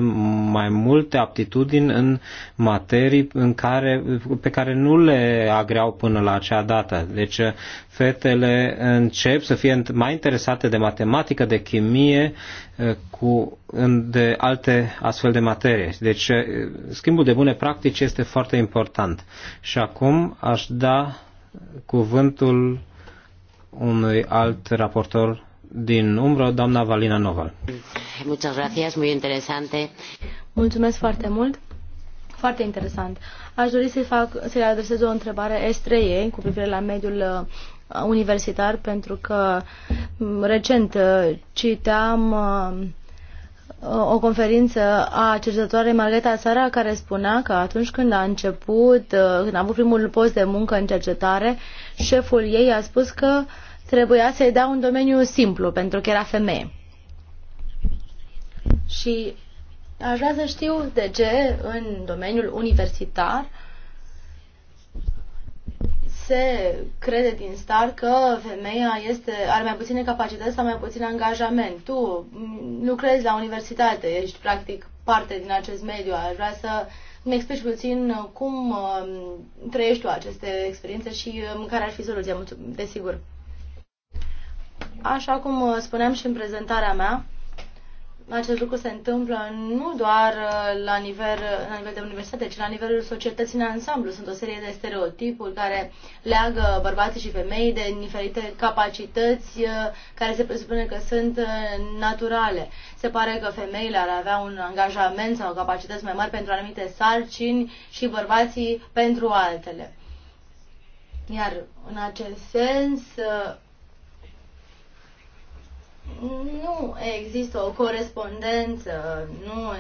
mai multe aptitudini în materii în care, pe care nu le agreau până la acea dată. Deci uh, fetele încep să fie mai interesate de matematică, de chimie, uh, cu, de alte astfel de materii. Deci schimbul de bune practici este foarte important. Și acum aș da cuvântul unui alt raportor din umbră, doamna Valina Noval. Mulțumesc foarte mult. Foarte interesant. Aș dori să-i, să adresez o întrebare estreie cu privire la mediul uh, universitar, pentru că mm, recent uh, citeam uh, Uh, o conferință a cercetătoarei Margareta Sara care spunea că atunci când a început, uh, când a avut primul post de muncă în cercetare, șeful ei a spus că trebuia să-i dea un domeniu simplu pentru că era femeie. Și aș vrea să știu de ce în domeniul universitar se crede din start că femeia este, are mai puține capacități sau mai puțin angajament. Tu mm, lucrezi la universitate, ești practic parte din acest mediu. Aș vrea să mi explici puțin cum um, trăiești tu aceste experiențe și um, care ar fi soluția, desigur. Așa cum uh, spuneam și în prezentarea mea, acest lucru se întâmplă nu doar uh, la nivel, uh, la nivel de universitate, ci la nivelul societății în ansamblu. Sunt o serie de stereotipuri care leagă bărbații și femei de diferite capacități uh, care se presupune că sunt naturale. Se pare că femeile ar avea un angajament sau capacități mai mari pentru anumite sarcini și bărbații pentru altele. Iar în acest sens, nu există o corespondență, nu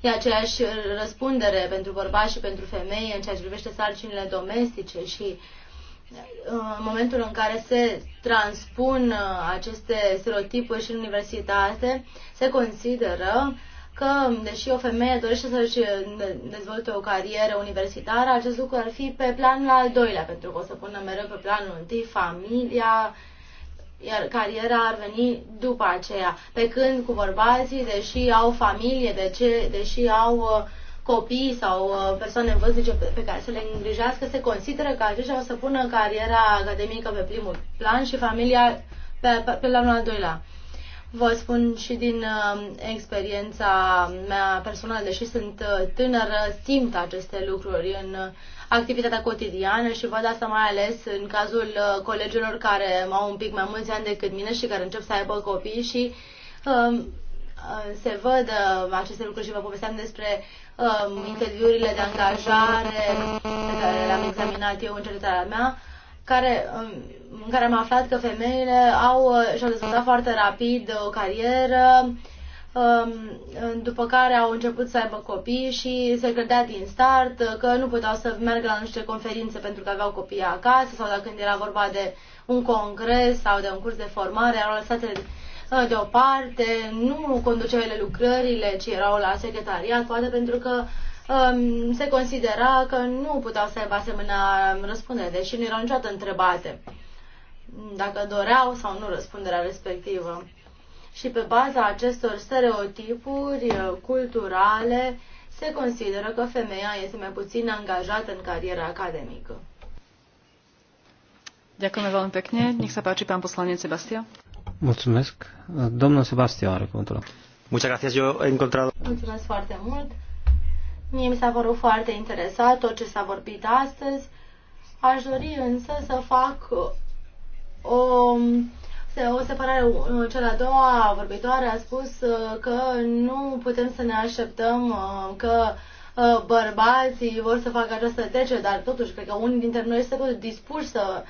e aceeași răspundere pentru bărbați și pentru femei în ceea ce privește sarcinile domestice și uh, în momentul în care se transpun uh, aceste stereotipuri și în universitate, se consideră că, deși o femeie dorește să-și uh, dezvolte o carieră universitară, acest lucru ar fi pe planul al doilea, pentru că o să pună mereu pe planul întâi familia, iar cariera ar veni după aceea. Pe când cu bărbații, deși au familie, de ce, deși au uh, copii sau uh, persoane în vârstă deci, pe care să le îngrijească, se consideră că aceștia o să pună cariera academică pe primul plan și familia pe, pe, pe planul al doilea. Vă spun și din uh, experiența mea personală, deși sunt uh, tânără, simt aceste lucruri în uh, activitatea cotidiană și văd asta mai ales în cazul uh, colegilor care au un pic mai mulți ani decât mine și care încep să aibă copii și um, uh, se văd uh, aceste lucruri și vă povesteam despre um, interviurile de angajare pe care le-am examinat eu în cercetarea mea, care, um, în care am aflat că femeile au și-au dezvoltat foarte rapid o carieră, Um, după care au început să aibă copii și se credea din start că nu puteau să meargă la niște conferințe pentru că aveau copii acasă sau dacă când era vorba de un congres sau de un curs de formare, erau lăsate uh, deoparte, nu conduceau ele lucrările, ci erau la secretariat, poate pentru că um, se considera că nu puteau să aibă asemenea răspundere, deși nu erau niciodată întrebate dacă doreau sau nu răspunderea respectivă și pe baza acestor stereotipuri uh, culturale se consideră că femeia este mai puțin angajată în cariera academică. Ďakujeme veľmi pekne. Nech sa páči, pán poslanec Sebastian. Mulțumesc. Domnul Sebastian are cuvântul. Muchas gracias. Yo he encontrado... Mulțumesc foarte mult. Mie mi s-a părut foarte interesat tot ce s-a vorbit astăzi. Aș dori însă să fac o o separare. Uh, cea de-a doua vorbitoare a spus uh, că nu putem să ne așteptăm uh, că bărbații vor să facă această trecere, dar totuși cred că unii dintre noi este dispuși să,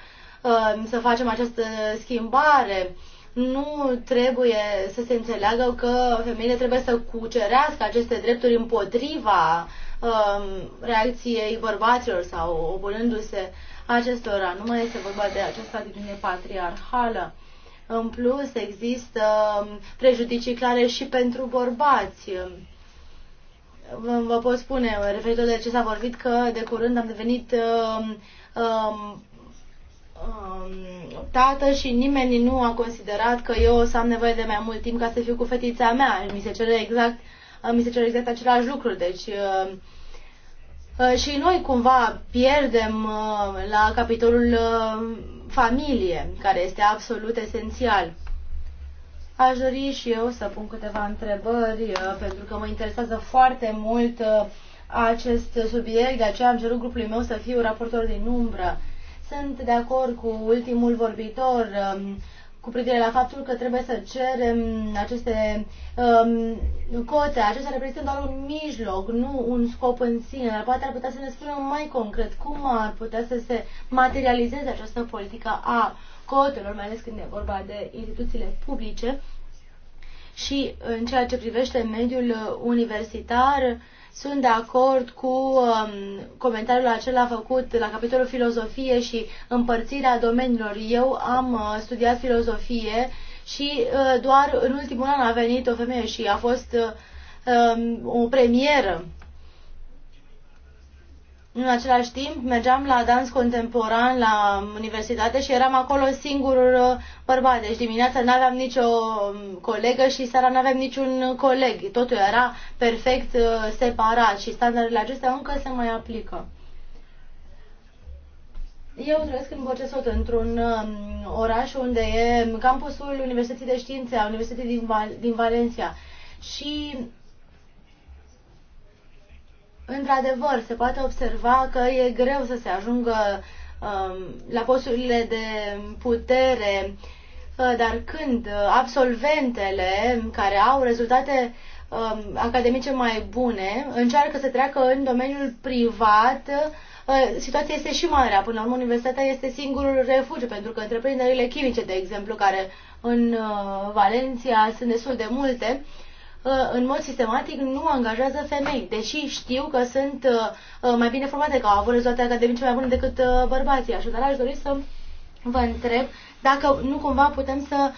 să facem această schimbare. Nu trebuie să se înțeleagă că femeile trebuie să cucerească aceste drepturi împotriva um, reacției bărbaților sau opunându-se acestora. Nu mai este vorba de această atitudine patriarhală. În plus, există um, prejudicii clare și pentru bărbați. Vă pot spune, referitor de ce s-a vorbit, că de curând am devenit um, um, um, tată și nimeni nu a considerat că eu o să am nevoie de mai mult timp ca să fiu cu fetița mea. Mi se cere exact, uh, mi se cere exact același lucru. Deci uh, uh, și noi cumva pierdem la capitolul familie, care este absolut esențial. Aș dori și eu să pun câteva întrebări, uh, pentru că mă interesează foarte mult uh, acest subiect, de aceea am cerut grupului meu să fiu raportor din umbră. Sunt de acord cu ultimul vorbitor, um, cu privire la faptul că trebuie să cerem aceste um, cote. Acestea reprezintă doar un mijloc, nu un scop în sine. Dar poate ar putea să ne spună mai concret cum ar putea să se materializeze această politică a cotelor, mai ales când e vorba de instituțiile publice și în ceea ce privește mediul universitar, uh, sunt de acord cu um, comentariul acela făcut la capitolul filozofie și împărțirea domeniilor. Eu am uh, studiat filozofie și uh, doar în ultimul an a venit o femeie și a fost uh, um, o premieră în același timp, mergeam la dans contemporan la universitate și eram acolo singurul uh, bărbat. Deci dimineața nu aveam nicio um, colegă și seara nu aveam niciun coleg. Totul era perfect uh, separat și standardele acestea încă se mai aplică. Eu trăiesc în Borcesot, într-un um, oraș unde e campusul Universității de Științe a Universității din, Val- din Valencia. Și Într-adevăr, se poate observa că e greu să se ajungă um, la posturile de putere, uh, dar când absolventele care au rezultate um, academice mai bune încearcă să treacă în domeniul privat, uh, situația este și mai rea. Până la urmă, universitatea este singurul refugiu, pentru că întreprinderile chimice, de exemplu, care în uh, Valencia sunt destul de multe, uh, în mod sistematic nu angajează femei, deși știu că sunt uh, uh, mai bine formate, că au avut rezultate academice mai bune decât uh, bărbații. Așadar, aș dori să vă întreb dacă nu cumva putem să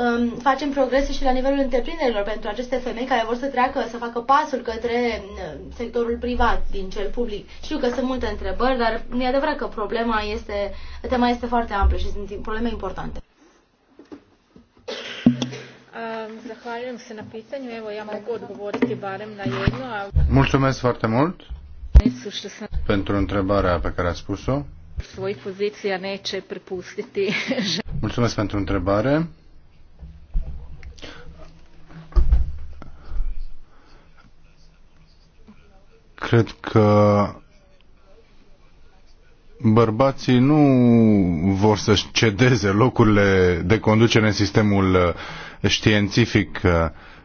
um, facem progrese și la nivelul întreprinderilor pentru aceste femei care vor să treacă, să facă pasul către sectorul privat din cel public. Știu că sunt multe întrebări, dar e adevărat că problema este, tema este foarte amplă și sunt probleme importante. Ehm, zahvaljujem se na pitanju. Evo, ja mogu odgovoriti barem na jedno. A... Mulțumesc foarte mult pentru întrebarea pe care a spus-o. Svoj poziția neće prepustiti. Mulțumesc pentru întrebare. Cred că bărbații nu vor să-și cedeze locurile de conducere în sistemul științific.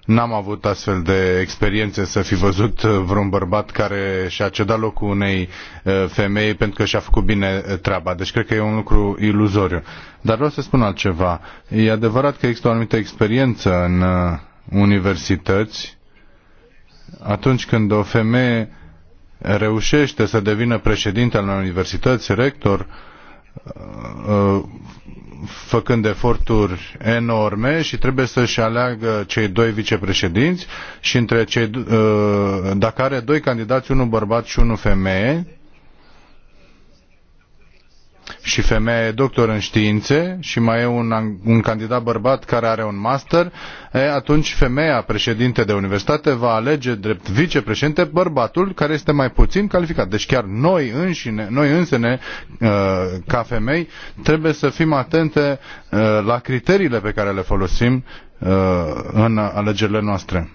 N-am avut astfel de experiențe să fi văzut vreun bărbat care și-a cedat locul unei uh, femei pentru că și-a făcut bine uh, treaba. Deci cred că e un lucru iluzoriu. Dar vreau să spun altceva. E adevărat că există o anumită experiență în uh, universități atunci când o femeie reușește să devină președinte al unei universități, rector, uh, Uh, făcând eforturi enorme și trebuie să-și aleagă cei doi vicepreședinți și între cei, uh, dacă are doi candidați, unul bărbat și unul femeie, și femeia e doctor în științe și mai e un, un candidat bărbat care are un master, e, atunci femeia președinte de universitate va alege drept vicepreședinte bărbatul care este mai puțin calificat. Deci chiar noi înșine, noi însene, uh, ca femei, trebuie să fim atente uh, la criteriile pe care le folosim uh, în alegerile noastre.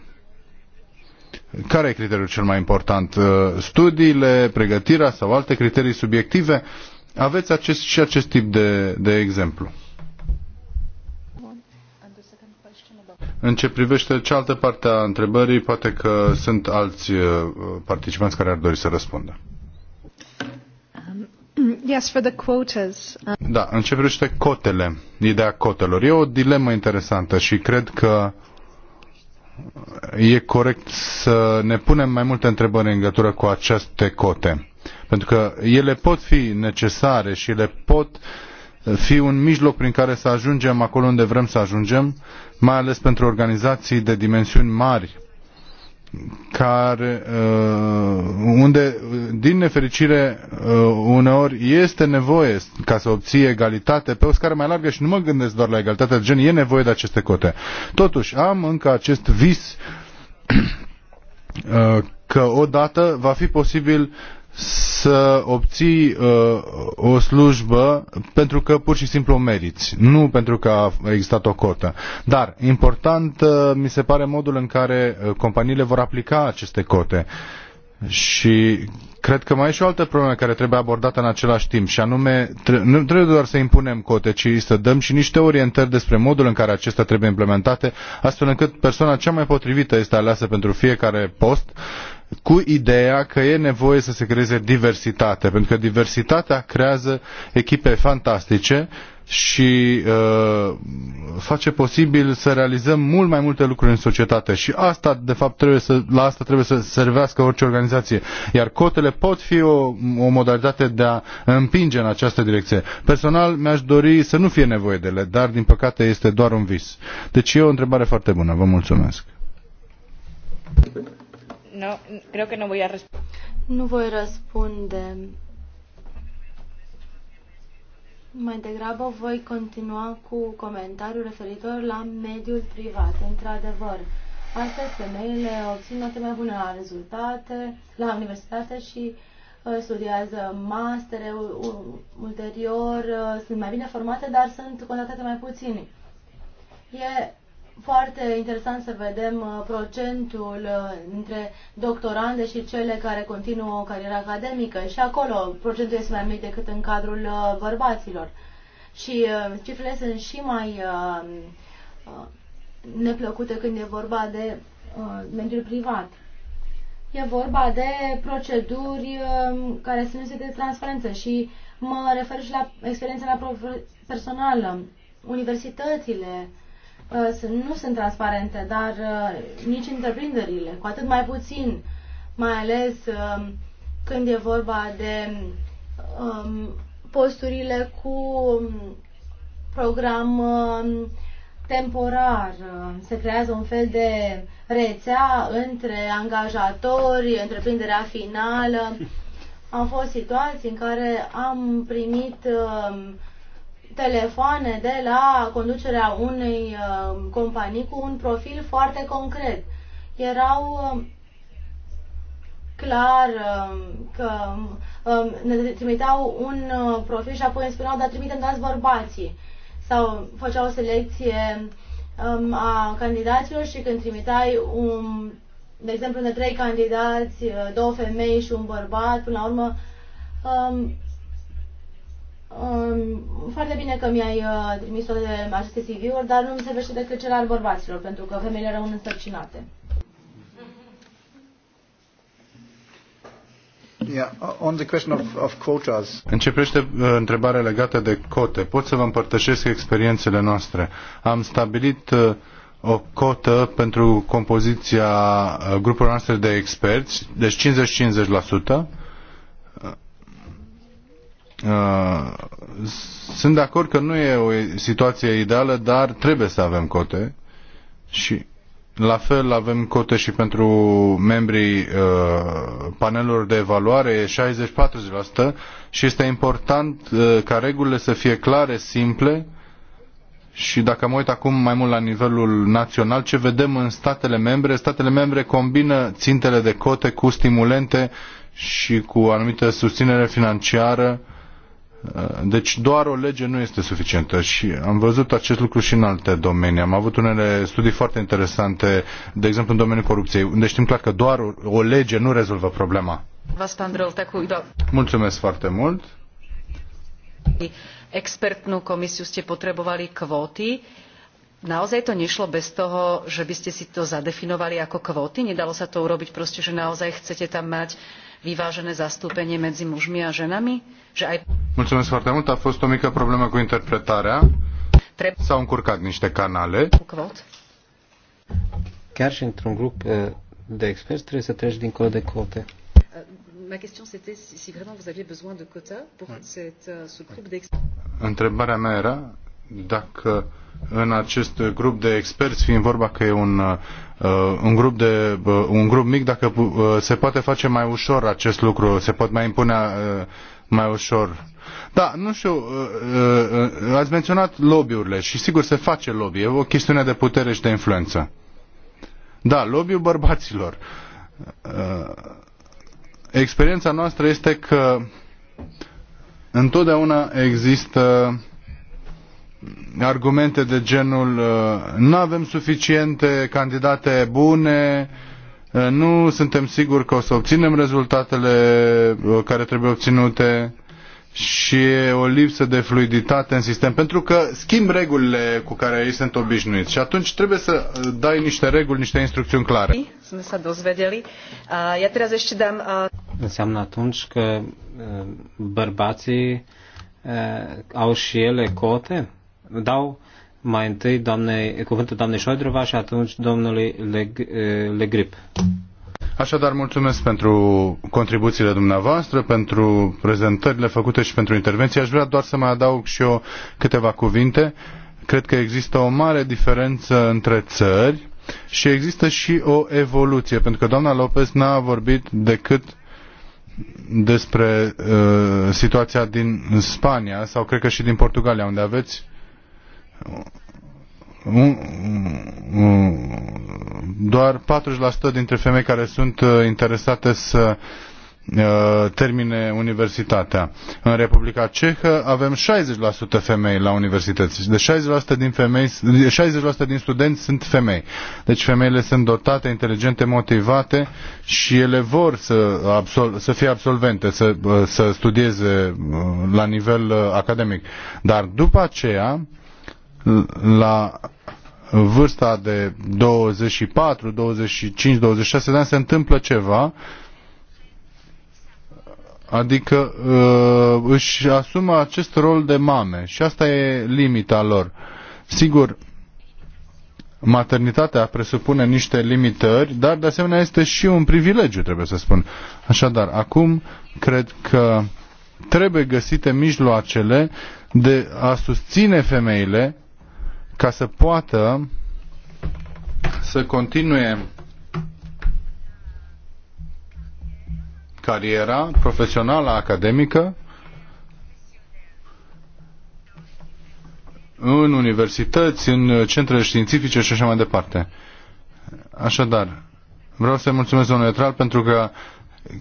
Care e criteriul cel mai important? Studiile, pregătirea sau alte criterii subiective? Uh, aveți acest, și acest tip de, de exemplu. În ce privește cealaltă parte a întrebării, poate că sunt alți uh, participanți care ar dori să răspundă. Um, yes, for the quotas. Uh, da, în ce privește cotele, ideea cotelor. E o dilemă interesantă și cred că e corect să ne punem mai multe întrebări în legătură cu aceste cote. Pentru că ele pot fi necesare și ele pot fi un mijloc prin care să ajungem acolo unde vrem să ajungem, mai ales pentru organizații de dimensiuni mari, care, uh, unde, din nefericire, uh, uneori este nevoie ca să obții egalitate pe o scară mai largă și nu mă gândesc doar la egalitatea de gen, e nevoie de aceste cote. Totuși, am încă acest vis uh, că odată va fi posibil să obții uh, o slujbă pentru că pur și simplu o meriți, nu pentru că a existat o cotă. Dar important uh, mi se pare modul în care uh, companiile vor aplica aceste cote. Și cred că mai e și o altă problemă care trebuie abordată în același timp și anume tre nu trebuie doar să impunem cote, ci să dăm și niște orientări despre modul în care acestea trebuie implementate, astfel încât persoana cea mai potrivită este aleasă pentru fiecare post cu ideea că e nevoie să se creeze diversitate, pentru că diversitatea creează echipe fantastice și uh, face posibil să realizăm mult mai multe lucruri în societate și asta de fapt trebuie să, la asta trebuie să servească orice organizație iar cotele pot fi o, o modalitate de a împinge în această direcție personal mi-aș dori să nu fie nevoie de ele dar din păcate este doar un vis deci e o întrebare foarte bună, vă mulțumesc No, creo que no voy a Nu voi răspunde. Mai degrabă voi continua cu comentariul referitor la mediul privat. Într-adevăr, astăzi femeile obțin note mai bune la rezultate, la universitate și uh, studiază master, ulterior, uh, sunt mai bine formate, dar sunt contactate mai puțin. E foarte interesant să vedem uh, procentul uh, între doctorande și cele care continuă o carieră academică și acolo procentul este mai mic decât în cadrul uh, bărbaților. Și cifrele sunt și mai neplăcute când e vorba de mediul privat. E vorba de proceduri um, care sunt de transparență și mă refer și la experiența mea personală. Universitățile Uh, nu sunt transparente, dar uh, nici întreprinderile, cu atât mai puțin, mai ales um, când e vorba de um, posturile cu um, program temporar. Se creează un fel de rețea între angajatori, întreprinderea finală. Au fost situații în care am primit telefoane de la conducerea unei uh, companii cu un profil foarte concret. Erau uh, clar uh, că ne trimiteau un profil și apoi îmi spuneau, dar trimitem dați bărbații. Sau făceau selecție um, a candidaților și când trimiteai un, de exemplu, de trei candidați, două femei și un bărbat, până la urmă, um, Um, foarte bine că mi-ai uh, trimis toate aceste CV-uri, dar nu mi se vește decât cel al bărbaților, pentru că femeile rămân însărcinate. Yeah, on the question of, of quotas. Începește uh, întrebarea legată de cote. Pot să vă împărtășesc experiențele noastre. Am stabilit uh, o cotă pentru compoziția uh, grupurilor noastre de experți, deci 50-50%. Uh, sunt de acord că nu e o situație ideală, dar trebuie să avem cote și la fel avem cote și pentru membrii uh, panelurilor de evaluare, 60-40% și este important uh, ca regulile să fie clare, simple și dacă mă uit acum mai mult la nivelul național, ce vedem în statele membre? Statele membre combină țintele de cote cu stimulente și cu anumită susținere financiară uh, deci doar o lege nu este suficientă și am văzut acest lucru și în alte domenii. Am avut unele studii foarte interesante, de exemplu în domeniul corupției, unde știm clar că doar o lege nu rezolvă problema. Mulțumesc foarte mult. Expertnú komisiu ste potrebovali kvóty. Naozaj to nešlo bez toho, že by ste si to zadefinovali ako kvóty? Nedalo sa to urobiť proste, že naozaj chcete tam mať uh, vyvážené zastúpenie medzi mužmi a ženami? Že aj... Mulțumesc foarte mult. A fost o mică problemă cu interpretarea. S-au încurcat niște canale. Cuvot. Chiar și într-un grup eh, de experți trebuie să treci dincolo de cote. Eh, ma question c'était si vraiment vous aviez besoin de pour cette, ce euh, Întrebarea mea era dacă în acest grup de experți, fiind vorba că e un Uh, un grup, de, uh, un grup mic, dacă uh, se poate face mai ușor acest lucru, se pot mai impune mai ușor. Da, nu știu, ați menționat lobby-urile și sigur se face lobby, e o chestiune de putere și de influență. Da, lobby-ul bărbaților. Experiența noastră este că întotdeauna există argumente de genul uh, nu avem suficiente candidate bune, uh, nu suntem siguri că o să obținem rezultatele uh, care trebuie obținute și e o lipsă de fluiditate în sistem, pentru că schimb regulile cu care ei sunt obișnuiți și atunci trebuie să dai niște reguli, niște instrucțiuni clare. Înseamnă atunci că bărbații au și ele cote? dau mai întâi doamnei, cuvântul doamnei Șoidrova și atunci domnului Leg, eh, Legrip. Așadar, mulțumesc pentru contribuțiile dumneavoastră, pentru prezentările făcute și pentru intervenții. Aș vrea doar să mai adaug și eu câteva cuvinte. Cred că există o mare diferență între țări și există și o evoluție, pentru că doamna Lopez n-a vorbit decât despre uh, situația din Spania sau cred că și din Portugalia, unde aveți doar 40% dintre femei care sunt uh, interesate să uh, termine universitatea. În Republica Cehă avem 60% femei la universități. De deci 60% din femei, 60% din studenți sunt femei. Deci femeile sunt dotate, inteligente, motivate și ele vor să, absol- să fie absolvente, să, uh, să studieze la nivel academic. Dar după aceea, la vârsta de 24, 25, 26 de ani se întâmplă ceva, adică uh, își asumă acest rol de mame și asta e limita lor. Sigur, maternitatea presupune niște limitări, dar de asemenea este și un privilegiu, trebuie să spun. Așadar, acum cred că trebuie găsite mijloacele de a susține femeile ca să poată să continue cariera profesională academică în universități, în centrele științifice și așa mai departe. Așadar, vreau să mulțumesc domnului Etral pentru că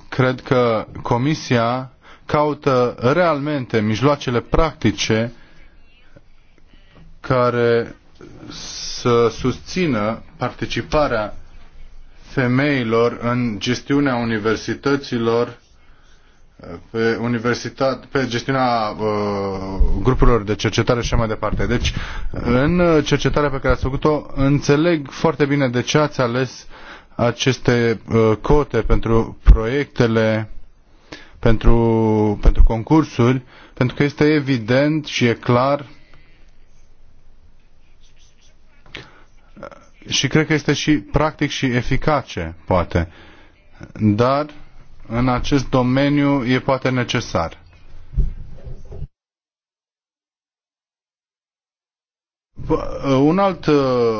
cred că Comisia caută realmente mijloacele practice care să susțină participarea femeilor în gestiunea universităților, pe, universitate, pe gestiunea uh, grupurilor de cercetare și mai departe. Deci, în cercetarea pe care ați făcut-o, înțeleg foarte bine de ce ați ales aceste uh, cote pentru proiectele, pentru, pentru concursuri, pentru că este evident și e clar și cred că este și practic și eficace, poate. Dar în acest domeniu e poate necesar. Uh, un alt uh,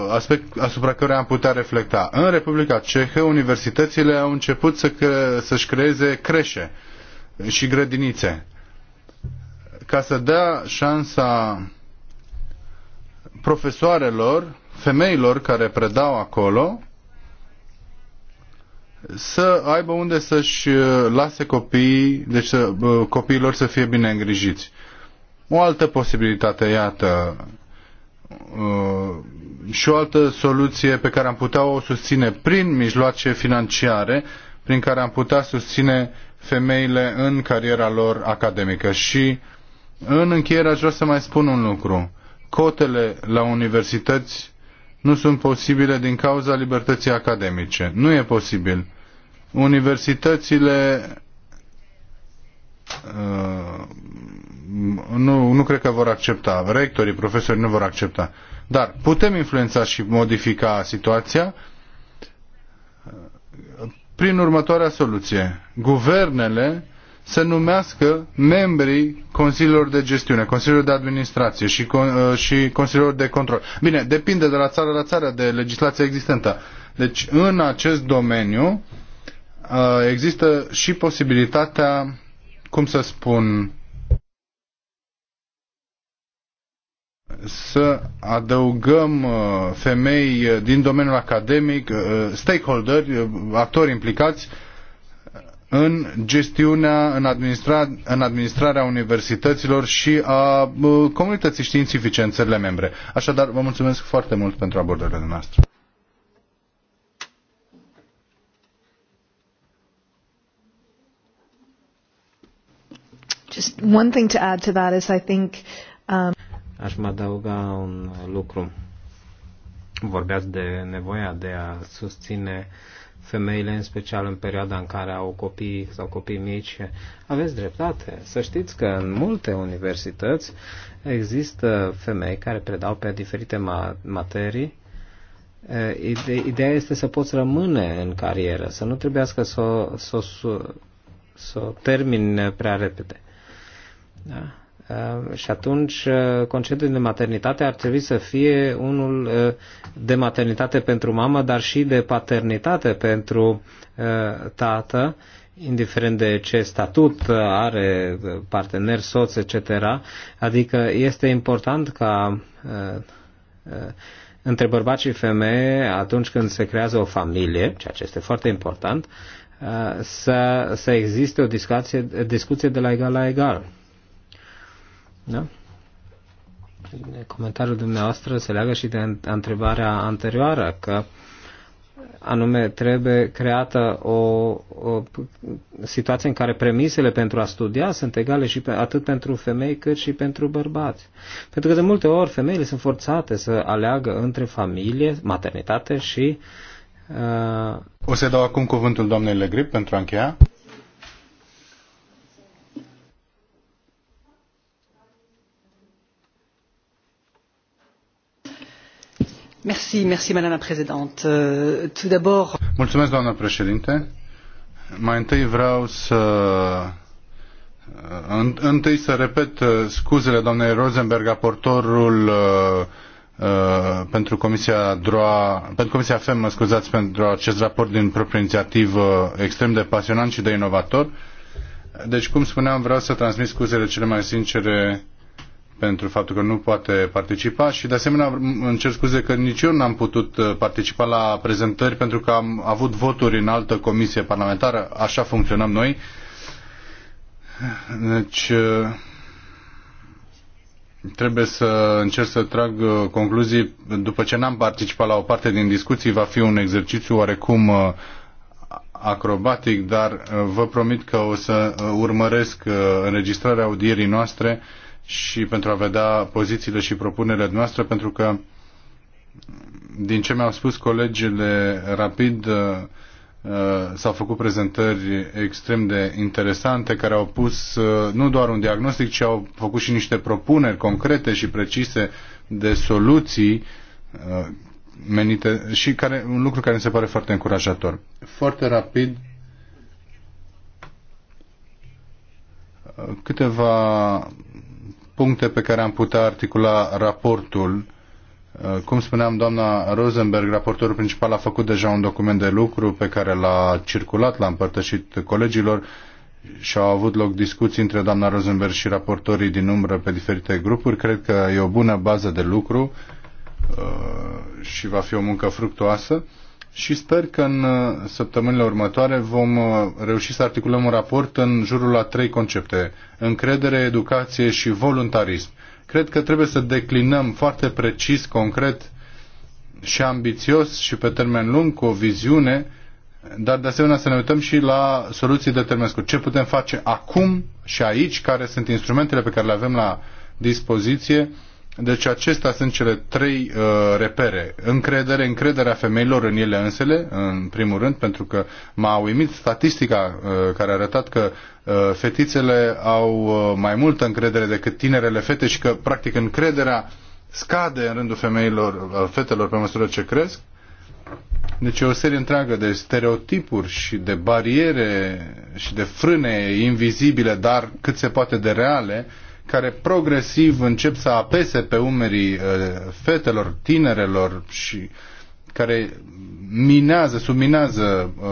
aspect asupra care am putea reflecta. În Republica Cehă, universitățile au început să cre- să-și creeze creșe și grădinițe ca să dea șansa profesoarelor femeilor care predau acolo să aibă unde să-și uh, lase copiii, deci să, uh, copiilor să fie bine îngrijiți. O altă posibilitate, iată, uh, și o altă soluție pe care am putea o susține prin mijloace financiare, prin care am putea susține femeile în cariera lor academică. Și în încheiere aș vrea să mai spun un lucru. Cotele la universități nu sunt posibile din cauza libertății academice. Nu e posibil. Universitățile uh, nu, nu cred că vor accepta. Rectorii, profesorii nu vor accepta. Dar putem influența și modifica situația prin următoarea soluție. Guvernele să numească membrii Consiliilor de Gestiune, Consiliilor de Administrație și, uh, și Consiliilor de Control. Bine, depinde de la țară la țară de legislația existentă. Deci, în acest domeniu uh, există și posibilitatea, cum să spun, să adăugăm uh, femei din domeniul academic, stakeholder, actori implicați, în gestiunea, în, administra, în administrarea universităților și a comunității științifice în țările membre. Așadar, vă mulțumesc foarte mult pentru abordările noastre. Just one thing to add to that is I think um... Aș mai adăuga un lucru. Vorbeați de nevoia de a susține uh, femeile, în special în perioada în care au copii sau copii mici. Aveți dreptate. Să știți că în multe universități există femei care predau pe diferite materii. Ideea este să poți rămâne în carieră, să nu trebuiască să, să, să, să termin prea repede. Da? Uh, și atunci uh, concediul de maternitate ar trebui să fie unul uh, de maternitate pentru mamă, dar și de paternitate pentru tată, indiferent de ce statut are partener, soț, etc. Adică este important ca între bărbați și femeie, atunci când se creează o familie, ceea ce este foarte important, să, să existe o discuție, discuție de la egal la egal da? Comentariul dumneavoastră se leagă și de întrebarea anterioară, că anume trebuie creată o, o situație în care premisele pentru a studia sunt egale și pe, atât pentru femei cât și pentru bărbați. Pentru că de multe ori femeile sunt forțate să aleagă între familie, maternitate și... Uh... O să dau acum cuvântul doamnei Legrip pentru a încheia. Euh, Mulțumesc, doamnă președinte. Mai întâi vreau să Întâi să repet uh, scuzele doamnei Rosenberg, raportorul uh, uh, pentru Comisia DROA, pentru Comisia FEM, mă scuzați, pentru acest raport din proprie inițiativă extrem de pasionant și de inovator. Deci, cum spuneam, vreau să transmit scuzele cele mai sincere pentru faptul că nu poate participa și de asemenea îmi cer scuze că nici eu n-am putut uh, participa la prezentări pentru că am avut voturi în altă comisie parlamentară, așa funcționăm noi. Deci uh, trebuie să încerc să trag uh, concluzii după ce n-am participat la o parte din discuții, va fi un exercițiu oarecum acrobatic, dar vă promit că o să urmăresc înregistrarea audierii noastre și pentru a vedea pozițiile și propunerile noastre, pentru că din ce mi-au spus colegile rapid, uh, s-au făcut prezentări extrem de interesante care au pus uh, nu doar un diagnostic, ci au făcut și niște propuneri concrete și precise de soluții uh, menite și care, un lucru care mi se pare foarte încurajator. Foarte rapid, câteva puncte pe care am putea articula raportul. Uh, cum spuneam, doamna Rosenberg, raportorul principal, a făcut deja un document de lucru pe care l-a circulat, l-a împărtășit colegilor și au avut loc discuții între doamna Rosenberg și raportorii din umbră pe diferite grupuri. Cred că e o bună bază de lucru uh, și va fi o muncă fructuoasă și sper că în uh, săptămânile următoare vom uh, reuși să articulăm un raport în jurul a trei concepte, încredere, educație și voluntarism. Cred că trebuie să declinăm foarte precis, concret și ambițios și pe termen lung cu o viziune, dar de asemenea să ne uităm și la soluții de termen scurt. Ce putem face acum și aici, care sunt instrumentele pe care le avem la dispoziție, deci acestea sunt cele trei uh, repere. Încredere, încrederea femeilor în ele însele, în primul rând, pentru că m-a uimit statistica uh, care a arătat că uh, fetițele au uh, mai multă încredere decât tinerele fete și că, practic, încrederea scade în rândul femeilor, uh, fetelor pe măsură ce cresc. Deci e o serie întreagă de stereotipuri și de bariere și de frâne invizibile, dar cât se poate de reale, uh, care progresiv încep să apese pe umerii uh, fetelor, tinerelor și care minează, subminează uh,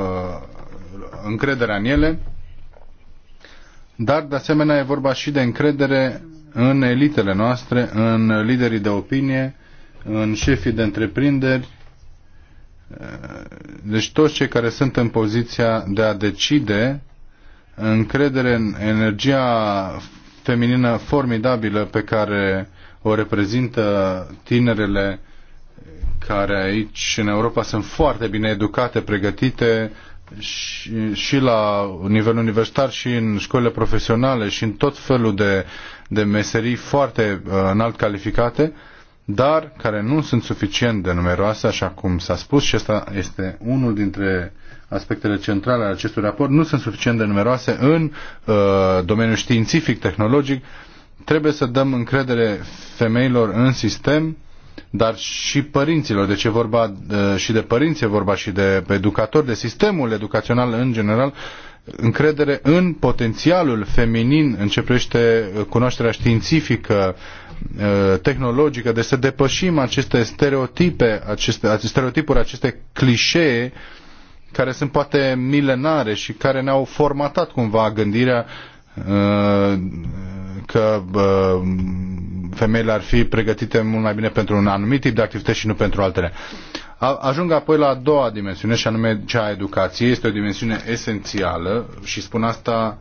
încrederea în ele, dar de asemenea e vorba și de încredere în elitele noastre, în liderii de opinie, în șefii de întreprinderi, uh, deci toți cei care sunt în poziția de a decide încredere în energia feminină formidabilă pe care o reprezintă tinerele care aici în Europa sunt foarte bine educate, pregătite și, și la nivel universitar și în școlile profesionale și în tot felul de, de meserii foarte uh, înalt calificate, dar care nu sunt suficient de numeroase, așa cum s-a spus și asta este unul dintre aspectele centrale ale acestui raport nu sunt suficient de numeroase în uh, domeniul științific, tehnologic. Trebuie să dăm încredere femeilor în sistem, dar și părinților. Deci e vorba uh, și de părinți, e vorba și de educatori, de sistemul educațional în general, încredere în potențialul feminin în ce privește uh, cunoașterea științifică, uh, tehnologică, de deci să depășim aceste stereotipe, aceste, stereotipuri, aceste clișee care sunt poate milenare și care ne-au formatat cumva gândirea uh, că uh, femeile ar fi pregătite mult mai bine pentru un anumit tip de activități și nu pentru altele. Ajung apoi la a doua dimensiune și anume cea a educației. Este o dimensiune esențială și spun asta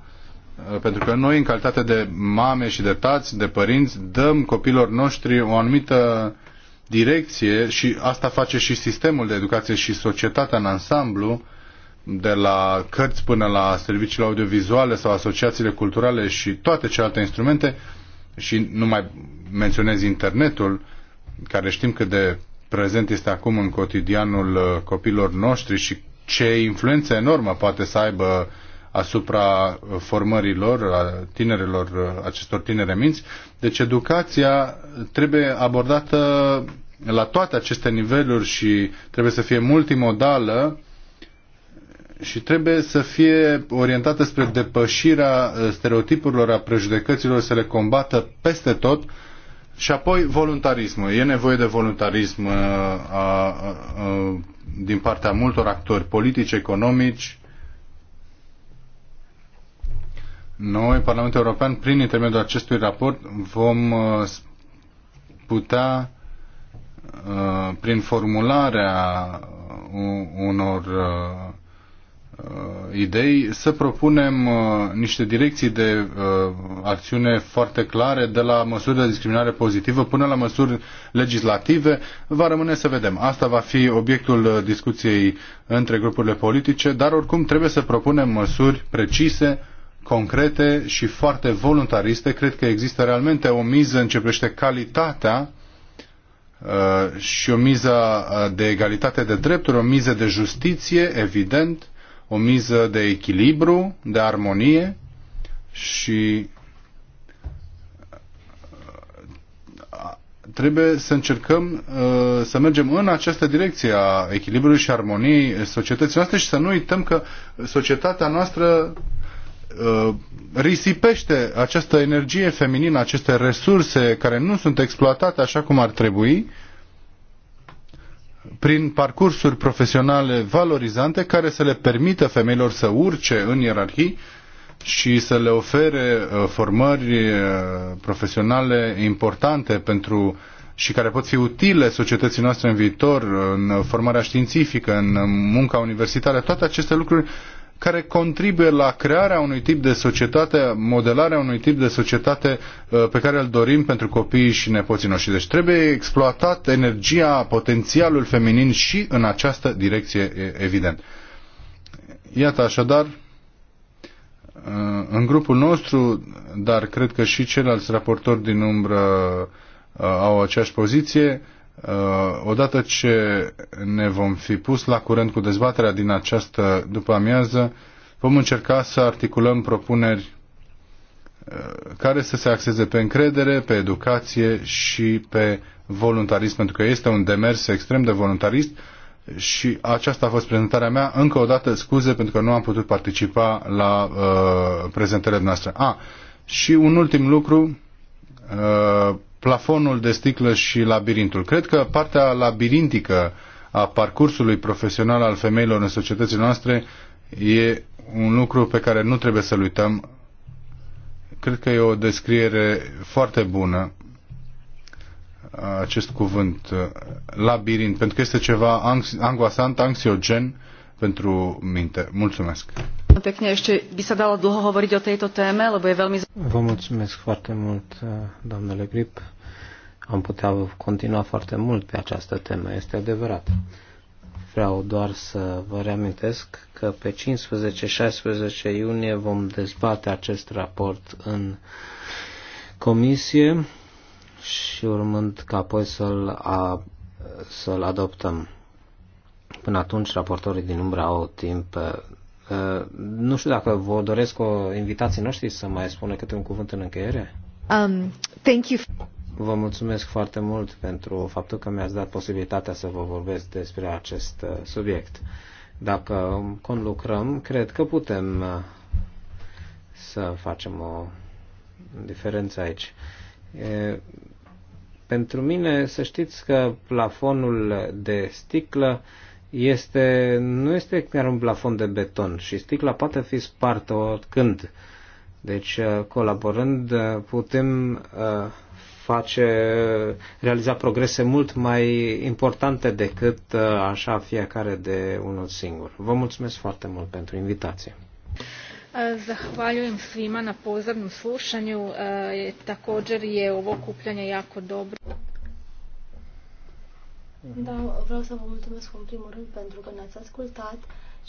uh, pentru că noi în calitate de mame și de tați, de părinți, dăm copilor noștri o anumită uh, direcție și asta face și sistemul de educație și societatea în ansamblu, de la cărți până la serviciile audiovizuale sau asociațiile culturale și toate celelalte instrumente și nu mai menționez internetul, care știm cât de prezent este acum în cotidianul uh, copilor noștri și ce influență enormă poate să aibă asupra formărilor, a tinerilor, acestor tinere minți. Deci educația trebuie abordată la toate aceste niveluri și trebuie să fie multimodală și trebuie să fie orientată spre depășirea stereotipurilor, a prejudecăților, să le combată peste tot și apoi voluntarismul. E nevoie de voluntarism uh, a, a, a, din partea multor actori politici, economici, Noi, Parlamentul European, prin intermediul acestui raport, vom uh, putea, uh, prin formularea uh, unor idei, să propunem niște direcții de acțiune foarte clare, de la măsuri de discriminare pozitivă până la măsuri legislative. Va rămâne să vedem. Asta va fi obiectul discuției între grupurile politice, dar oricum trebuie să propunem măsuri precise concrete și foarte voluntariste. Cred că există realmente o miză în ce privește calitatea uh, și o miză uh, de egalitate de drepturi, o miză de justiție, evident, o miză de echilibru, de armonie și uh, trebuie să încercăm să mergem în această direcție a echilibrului și armoniei societății noastre și să nu uităm că societatea noastră Uh, risipește această energie feminină, aceste resurse care nu sunt exploatate așa cum ar trebui, prin parcursuri profesionale valorizante care să le permită femeilor să urce în ierarhii și să le ofere uh, formări uh, profesionale importante pentru și care pot fi utile societății noastre în viitor, în formarea științifică, în munca universitară, toate aceste lucruri care contribuie la crearea unui tip de societate, modelarea unui tip de societate uh, pe care îl dorim pentru copiii și nepoții noștri. Deci trebuie exploatat energia, potențialul feminin și în această direcție, evident. Iată așadar, uh, în grupul nostru, dar cred că și ceilalți raportori din umbră uh, au aceeași poziție, Uh, odată ce ne vom fi pus la curent cu dezbaterea din această după amiază, vom încerca să articulăm propuneri uh, care să se axeze pe încredere, pe educație și pe voluntarism, pentru că este un demers extrem de voluntarist și aceasta a fost prezentarea mea. Încă o dată scuze pentru că nu am putut participa la uh, prezentările noastre. A, ah, și un ultim lucru, uh, plafonul de sticlă și labirintul. Cred că partea labirintică a parcursului profesional al femeilor în societățile noastre e un lucru pe care nu trebuie să-l uităm. Cred că e o descriere foarte bună acest cuvânt labirint, pentru că este ceva angoasant, anxiogen pentru minte. Mulțumesc. Pekne, ešte by sa dalo dlho hovoriť o tejto téme, lebo je veľmi... Vă mulțumesc foarte mult, doamnele Grip. Am putea continua foarte mult pe această temă, este adevărat. Vreau doar să vă reamintesc că pe 15-16 iunie vom dezbate acest raport în comisie și urmând ca apoi să-l, a, să-l adoptăm. Până atunci, raportorii din umbra au timp. Nu știu dacă vă doresc o invitație noștri să mai spună câte un cuvânt în încheiere. Um, thank you. Vă mulțumesc foarte mult pentru faptul că mi-ați dat posibilitatea să vă vorbesc despre acest uh, subiect. Dacă conlucrăm, cred că putem uh, să facem o diferență aici. E, pentru mine, să știți că plafonul de sticlă este, nu este chiar un plafon de beton și sticla poate fi spartă oricând. Deci, uh, colaborând, putem uh, face, realiza progrese mult mai importante decât uh, așa fiecare de unul singur. Vă mulțumesc foarte mult pentru invitație. Uh, zahvaljujem svima na pozornom slušanju. Uh, također je ovo kupljanje jako dobro. Da, vreau să vă mulțumesc în primul rând pentru că ne-ați ascultat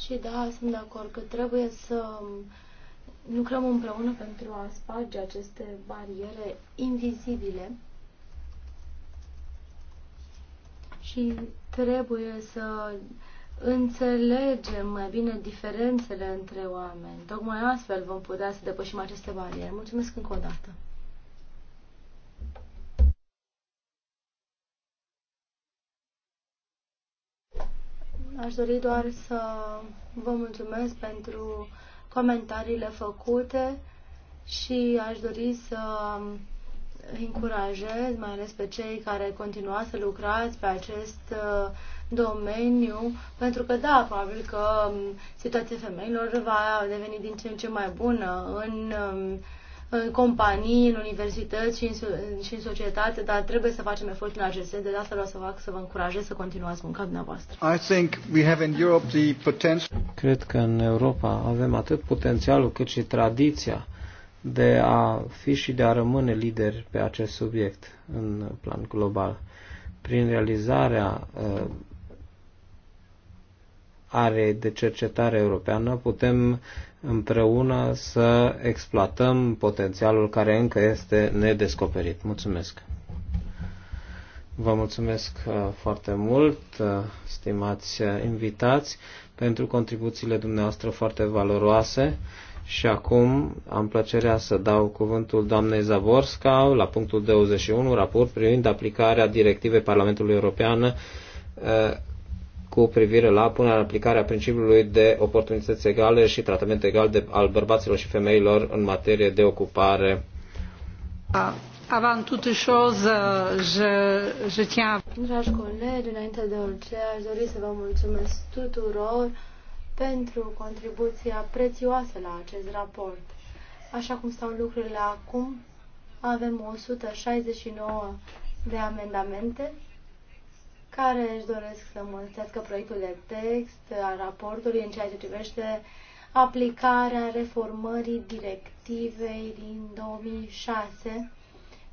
și da, sunt de acord că trebuie să lucrăm împreună pentru a sparge aceste bariere invizibile și trebuie să înțelegem mai bine diferențele între oameni. Tocmai astfel vom putea să depășim aceste bariere. Mulțumesc încă o dată! Aș dori doar să vă mulțumesc pentru comentariile făcute și aș dori să încurajez, mai ales pe cei care continuați să lucrați pe acest uh, domeniu, pentru că, da, probabil că um, situația femeilor va deveni din ce în ce mai bună în um, în companii, în universități și în, și în societate, dar trebuie să facem efort în acest sens. De asta vreau să fac să vă încurajez să continuați munca dumneavoastră. I think we have in Europe the potential. Cred că în Europa avem atât potențialul cât și tradiția de a fi și de a rămâne lideri pe acest subiect în plan global. Prin realizarea uh, are de cercetare europeană, putem împreună să exploatăm potențialul care încă este nedescoperit. Mulțumesc! Vă mulțumesc uh, foarte mult, uh, stimați uh, invitați, pentru contribuțiile dumneavoastră foarte valoroase. Și acum am plăcerea să dau cuvântul doamnei Zaborska la punctul 21, raport privind aplicarea directivei Parlamentului European cu privire la punerea în aplicare a principiului de oportunități egale și tratament egal de, al bărbaților și femeilor în materie de ocupare. Avant toute chose, uh, je, je tiens... Dragi colegi, înainte de orice, aș dori să vă mulțumesc tuturor pentru contribuția prețioasă la acest raport. Așa cum stau lucrurile acum, avem 169 de amendamente care își doresc să mulțească proiectul de text al raportului în ceea ce privește aplicarea reformării directivei din 2006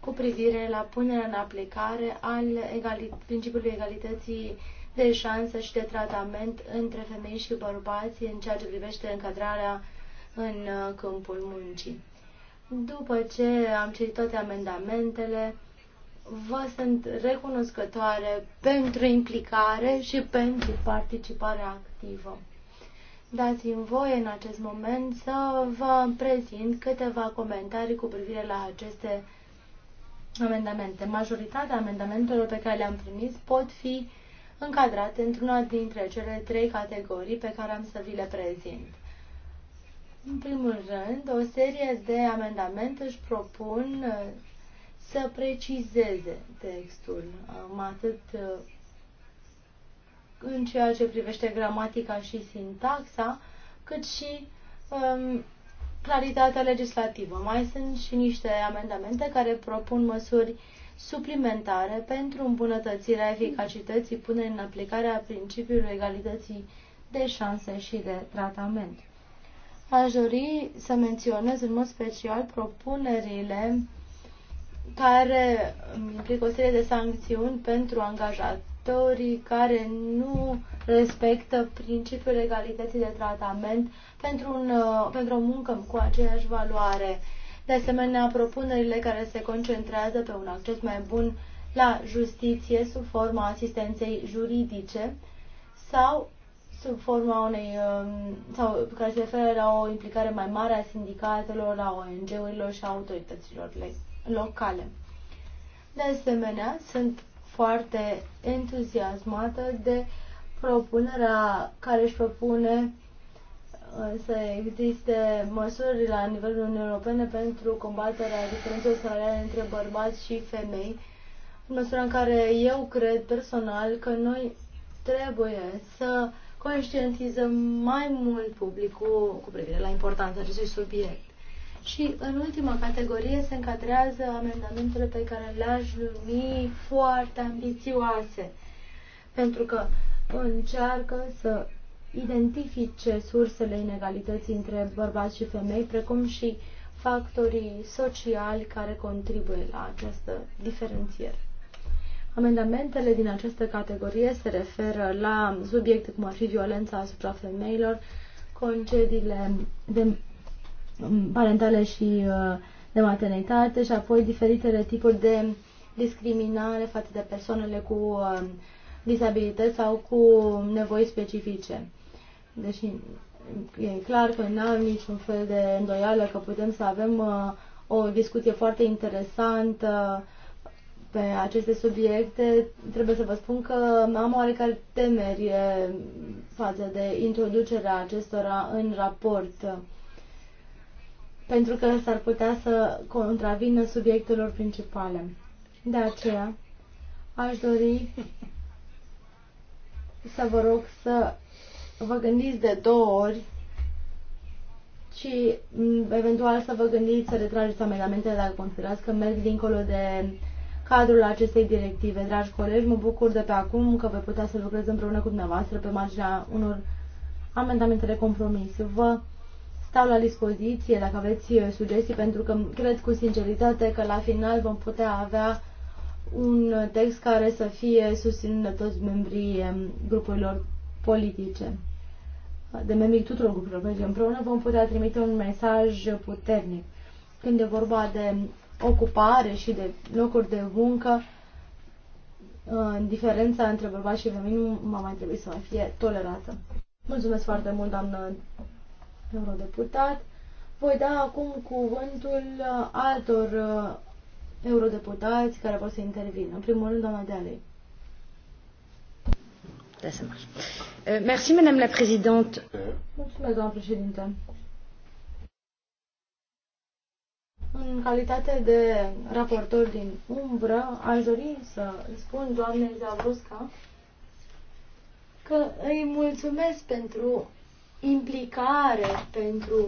cu privire la punerea în aplicare al egalit- principiului egalității de șansă și de tratament între femei și bărbați în ceea ce privește încadrarea în uh, câmpul muncii. După ce am citit toate amendamentele, vă sunt recunoscătoare pentru implicare și pentru participare activă. Dați-mi voie în acest moment să vă prezint câteva comentarii cu privire la aceste amendamente. Majoritatea amendamentelor pe care le-am primit pot fi încadrate într-una dintre cele trei categorii pe care am să vi le prezint. În primul rând, o serie de amendamente își propun să precizeze textul, atât uh, în ceea ce privește gramatica și sintaxa, cât și um, claritatea legislativă. Mai sunt și niște amendamente care propun măsuri suplimentare pentru îmbunătățirea eficacității punerii în aplicare a principiului egalității de șanse și de tratament. Aș dori să menționez în mod special propunerile care implică o serie de sancțiuni pentru angajatorii care nu respectă principiul egalității de tratament pentru, un, uh, pentru o muncă cu aceeași valoare. De asemenea, propunerile care se concentrează pe un acces mai bun la justiție sub forma asistenței juridice sau sub forma unei um, sau care se referă la o implicare mai mare a sindicatelor, a ONG-urilor și a autorităților legale locale. De asemenea, sunt foarte entuziasmată de propunerea care își propune uh, să existe măsuri la nivelul Uniunii Europene pentru combaterea diferențelor salariale între bărbați și femei, în măsura în care eu cred personal că noi trebuie să conștientizăm mai mult publicul cu privire la importanța acestui subiect. Și în ultima categorie se încadrează amendamentele pe care le-aș numi foarte ambițioase, pentru că încearcă să identifice sursele inegalității între bărbați și femei, precum și factorii sociali care contribuie la această diferențiere. Amendamentele din această categorie se referă la subiecte cum ar fi violența asupra femeilor, concediile de parentale și uh, de maternitate și apoi diferitele tipuri de discriminare față de persoanele cu um, dizabilități sau cu nevoi specifice. Deși e clar că nu am niciun fel de îndoială că putem să avem uh, o discuție foarte interesantă pe aceste subiecte, trebuie să vă spun că am oarecare temeri uh, față de introducerea acestora în raport pentru că s-ar putea să contravină subiectelor principale. De aceea, aș dori să vă rog să vă gândiți de două ori și mm, eventual să vă gândiți să retrageți amendamentele dacă considerați că merg dincolo de cadrul acestei directive. Dragi colegi, mă bucur de pe acum că voi putea să lucrez împreună cu dumneavoastră pe marginea unor amendamente de compromis. Vă stau la dispoziție dacă aveți uh, sugestii, pentru că cred cu sinceritate că la final vom putea avea un text care să fie susținut de toți membrii um, grupurilor politice, de membrii tuturor grupurilor politice. Împreună vom putea trimite un mesaj puternic. Când e vorba de ocupare și de locuri de muncă, uh, diferența între bărbați și femei nu m-a mai trebuit să mai fie tolerată. Mulțumesc foarte mult, doamnă eurodeputat. Voi da acum cuvântul altor uh, eurodeputați care vor să intervină. În primul rând, doamna Dealei. Da, să euh, Merci, madame la présidente. Mulțumesc, doamna președinte. În calitate de raportor din umbră, aș dori să spun doamnei Zavrusca că îi mulțumesc pentru implicare pentru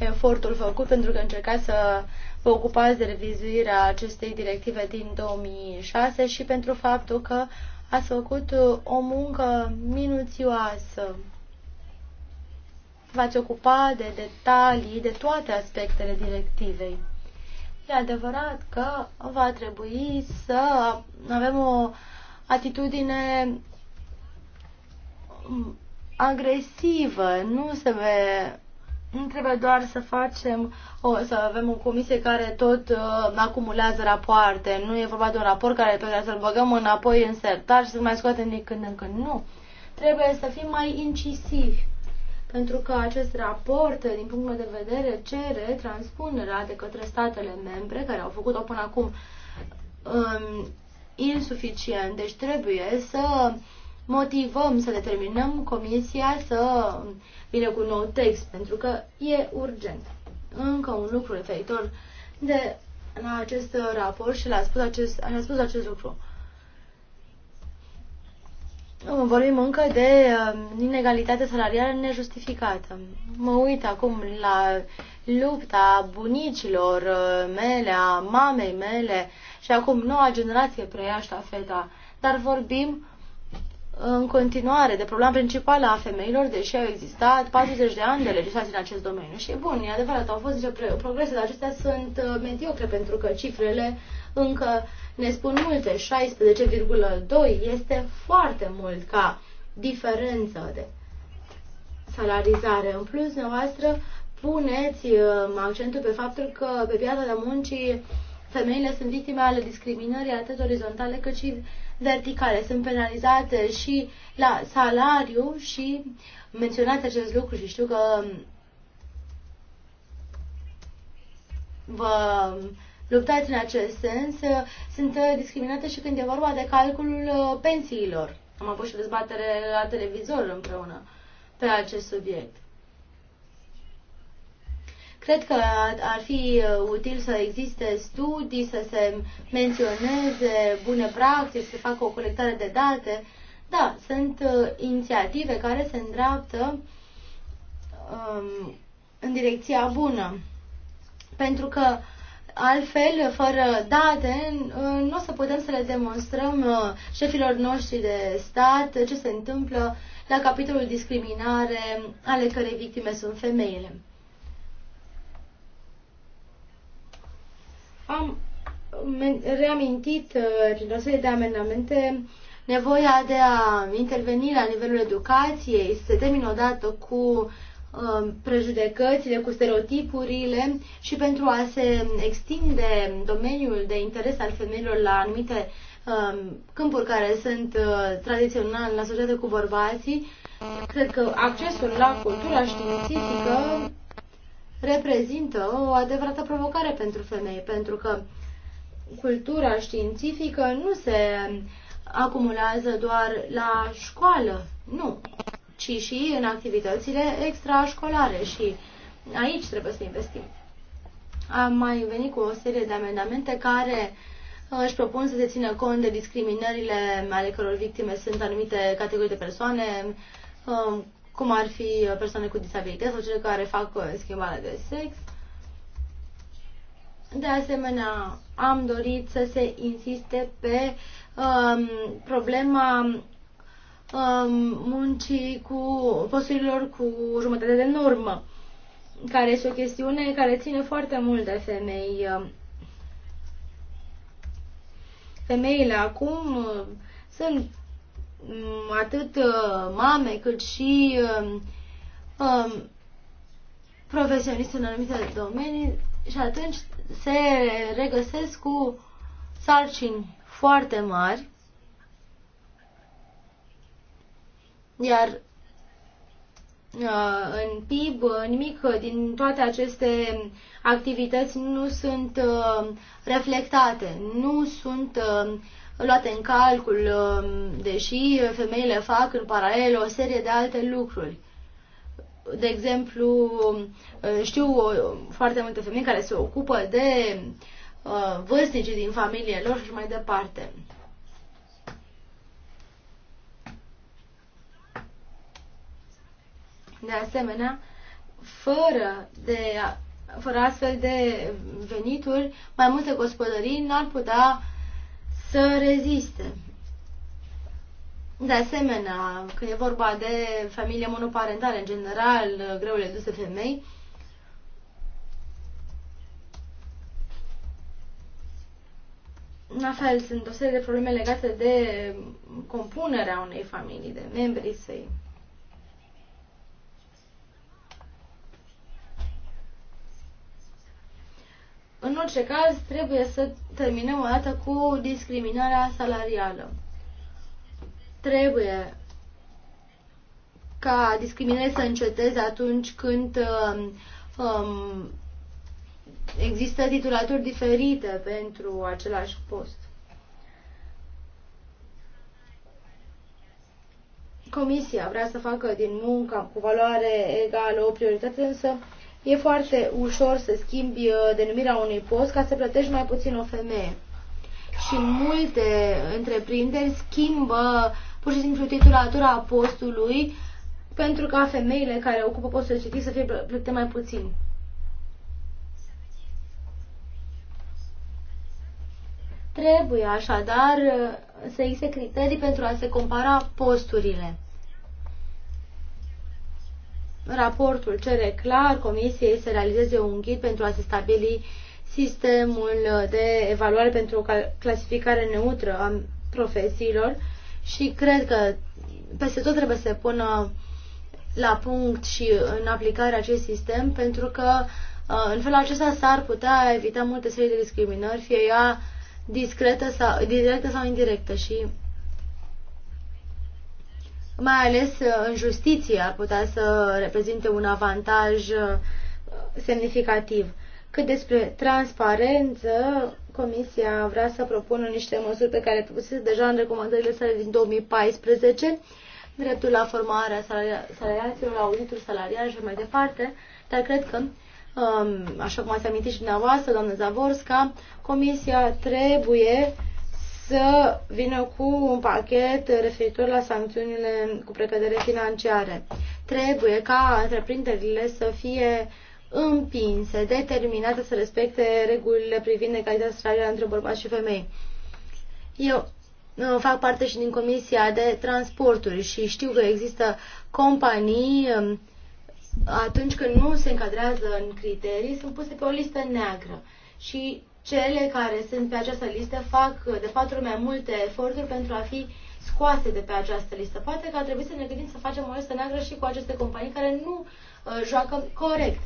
efortul făcut, pentru că încercați să vă ocupați de revizuirea acestei directive din 2006 și pentru faptul că ați făcut uh, o muncă minuțioasă. V-ați ocupat de detalii, de toate aspectele directivei. E adevărat că va trebui să avem o atitudine um, agresivă. Nu se ve... Nu trebuie doar să facem, o, să avem o comisie care tot uh, acumulează rapoarte. Nu e vorba de un raport care, pe care să-l băgăm înapoi în sertar și să mai scoatem din când în când. Nu. Trebuie să fim mai incisivi. Pentru că acest raport, din punctul meu de vedere, cere transpunerea de către statele membre, care au făcut-o până acum um, insuficient. Deci trebuie să motivăm, să determinăm comisia să vină cu un nou text, pentru că e urgent. Încă un lucru referitor de la acest raport și l-a spus acest, a spus acest lucru. Vorbim încă de um, inegalitate salarială nejustificată. Mă uit acum la lupta bunicilor uh, mele, a mamei mele și acum noua generație preia ștafeta, dar vorbim în continuare de problema principală a femeilor, deși au existat 40 de ani de legislație în acest domeniu. Și bun, e adevărat, au fost progrese, dar acestea sunt uh, mediocre pentru că cifrele încă ne spun multe. 16,2 este foarte mult ca diferență de salarizare. În plus, dumneavoastră puneți uh, accentul pe faptul că pe piața de muncii femeile sunt victime ale discriminării atât orizontale cât și verticale. Sunt penalizate și la salariu și menționați acest lucru și știu că um, vă um, luptați în acest sens, uh, sunt uh, discriminate și când e vorba de calculul uh, pensiilor. Am avut și dezbatere la televizor împreună pe acest subiect. Cred că ar fi uh, util să existe studii, să se menționeze bune practici, să facă o colectare de date. Da, sunt uh, inițiative care se îndreaptă um, în direcția bună. Pentru că altfel, fără date, uh, nu o să putem să le demonstrăm șefilor noștri de stat ce se întâmplă la capitolul discriminare ale cărei victime sunt femeile. reamintit uh, prin o serie de amendamente nevoia de a interveni la nivelul educației, se termină odată cu um, prejudecățile, cu stereotipurile și pentru a se extinde domeniul de interes al femeilor la anumite um, câmpuri care sunt uh, tradițional asociate cu bărbații, cred că accesul la cultura științifică reprezintă o adevărată provocare pentru femei, pentru că cultura științifică nu se acumulează doar la școală, nu, ci și în activitățile extrașcolare și aici trebuie să investim. Am mai venit cu o serie de amendamente care uh, își propun să se țină cont de discriminările ale căror victime sunt anumite categorii de persoane, uh, cum ar fi persoane cu disabilități sau cele care fac uh, schimbarea de sex, de asemenea, am dorit să se insiste pe um, problema um, muncii cu posturilor cu jumătate de normă, care este o chestiune care ține foarte mult de femei. Femeile acum uh, sunt mm, atât uh, mame cât și uh, um, profesioniste în anumite domenii și atunci se regăsesc cu sarcini foarte mari, iar uh, în PIB nimic din toate aceste activități nu sunt uh, reflectate, nu sunt uh, luate în calcul, deși femeile fac în paralel o serie de alte lucruri de exemplu, uh, știu uh, foarte multe femei care se ocupă de uh, vârstnici din familie lor și mai departe. De asemenea, fără, de, fără astfel de venituri, mai multe gospodării n-ar putea să reziste. De asemenea, când e vorba de familie monoparentale, în general, greule duse femei, În fel, sunt o serie de probleme legate de compunerea unei familii, de membrii săi. În orice caz, trebuie să terminăm o dată cu discriminarea salarială. Trebuie ca discriminarea să înceteze atunci când uh, um, există titulaturi diferite pentru același post. Comisia vrea să facă din munca cu valoare egală o prioritate, însă e foarte ușor să schimbi uh, denumirea unui post ca să plătești mai puțin o femeie. Și multe întreprinderi schimbă pur și simplu titulatura postului pentru ca femeile care ocupă postul respectiv să fie plătite mai puțin. Trebuie așadar să existe criterii pentru a se compara posturile. Raportul cere clar Comisiei să realizeze un ghid pentru a se stabili sistemul de evaluare pentru o clasificare neutră a profesiilor și cred că peste tot trebuie să se pună la punct și în aplicare acest sistem, pentru că uh, în felul acesta s-ar putea evita multe serii de discriminări, fie ea discretă sau, directă sau indirectă și mai ales uh, în justiție ar putea să reprezinte un avantaj uh, semnificativ. Cât despre transparență, Comisia vrea să propună niște măsuri pe care pusese deja în recomandările sale din 2014, dreptul la formarea salariaților, auditul salarial și mai departe, dar cred că, um, așa cum ați amintit și dumneavoastră, doamnă Zavorska, Comisia trebuie să vină cu un pachet referitor la sancțiunile cu precădere financiare. Trebuie ca întreprinderile să fie uh, împinse, determinată să respecte regulile privind egalitatea salarială între bărbați și femei. Eu uh, fac parte și din Comisia de Transporturi și știu că există companii um, atunci când nu se încadrează în criterii, sunt puse pe o listă neagră. Și cele care sunt pe această listă fac de patru mai multe eforturi pentru a fi scoase de pe această listă. Poate că ar trebui să ne gândim să facem o listă neagră și cu aceste companii care nu uh, joacă corect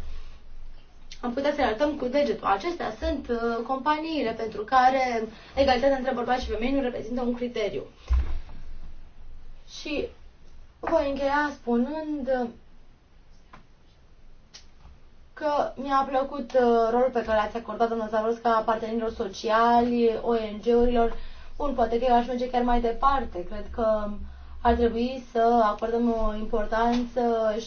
am putea să-i arătăm cu degetul. Acestea sunt uh, companiile pentru care egalitatea între bărbați și femei nu reprezintă un criteriu. Și voi încheia spunând că mi-a plăcut uh, rolul pe care l-ați acordat, doamna Zavrosca, partenerilor sociali, ONG-urilor. Bun, poate că eu aș merge chiar mai departe. Cred că ar trebui să acordăm o importanță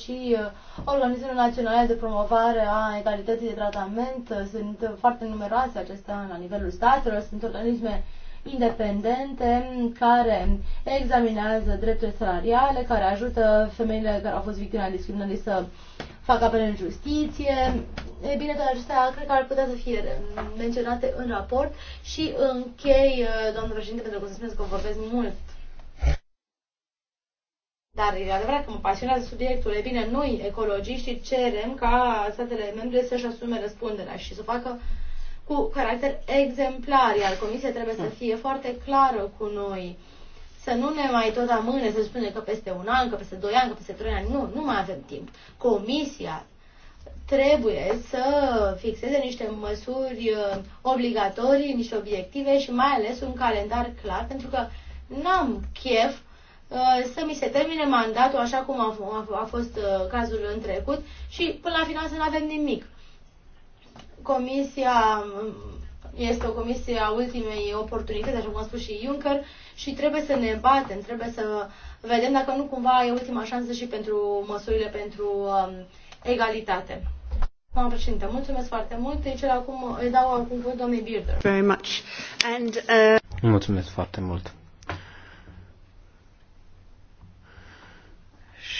și uh, organismele naționale de promovare a egalității de tratament. Sunt foarte numeroase acestea la nivelul statelor, sunt organisme independente care examinează drepturile salariale, care ajută femeile care au fost victime ale discriminării să facă apel în justiție. E bine, toate acestea cred că ar putea să fie menționate în raport și închei, uh, doamnă președinte, pentru că să spuneți că vorbesc mult dar e adevărat că mă pasionează subiectul. E bine, noi, ecologiștii, cerem ca statele membre să își asume răspunderea și să facă cu caracter exemplar, iar Comisia trebuie să fie foarte clară cu noi. Să nu ne mai tot amâne, să spune că peste un an, că peste doi ani, că peste trei ani. Nu, nu mai avem timp. Comisia trebuie să fixeze niște măsuri uh, obligatorii, niște obiective și mai ales un calendar clar, pentru că n-am chef Uh, să mi se termine mandatul așa cum a, a fost uh, cazul în trecut și până la final să nu avem nimic. Comisia um, este o comisie a ultimei oportunități, așa cum a spus și Juncker, și trebuie să ne batem, trebuie să vedem dacă nu cumva e ultima șansă și pentru măsurile pentru um, egalitate. Doamna președinte, mulțumesc foarte mult. Deci, acum, îi dau acum cuvânt domnului Birder. Very much. And, uh... Mulțumesc foarte mult.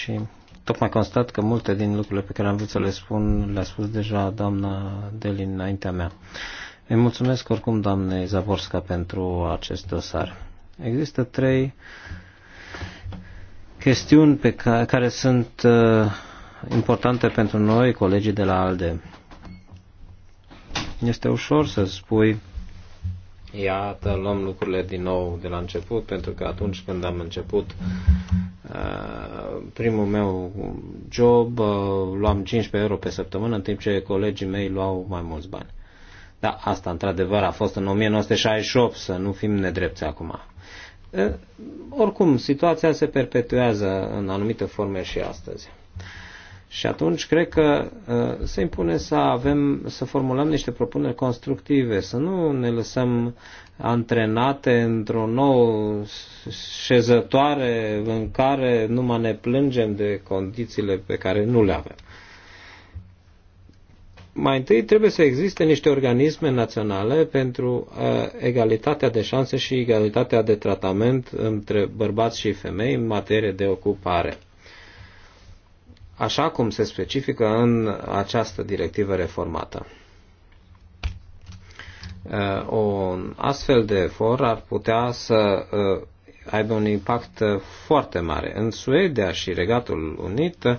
și tocmai constat că multe din lucrurile pe care am vrut să le spun le-a spus deja doamna Delin înaintea mea. Îi mulțumesc oricum doamne Zaborska pentru acest dosar. Există trei chestiuni pe care, care sunt uh, importante pentru noi, colegii de la ALDE. Este ușor să spui, iată, luăm lucrurile din nou de la început, pentru că atunci când am început primul meu job uh, luam 15 euro pe săptămână, în timp ce colegii mei luau mai mulți bani. Da, asta într-adevăr a fost în 1968, să nu fim nedrepți acum. Uh, oricum, situația se perpetuează în anumite forme și astăzi. Și atunci cred că uh, se impune să avem, să formulăm niște propuneri constructive, să nu ne lăsăm antrenate într-o nouă șezătoare în care numai ne plângem de condițiile pe care nu le avem. Mai întâi trebuie să existe niște organisme naționale pentru uh, egalitatea de șanse și egalitatea de tratament între bărbați și femei în materie de ocupare așa cum se specifică în această directivă reformată. Uh, o astfel de for ar putea să uh, aibă un impact foarte mare. În Suedia și Regatul Unit, uh,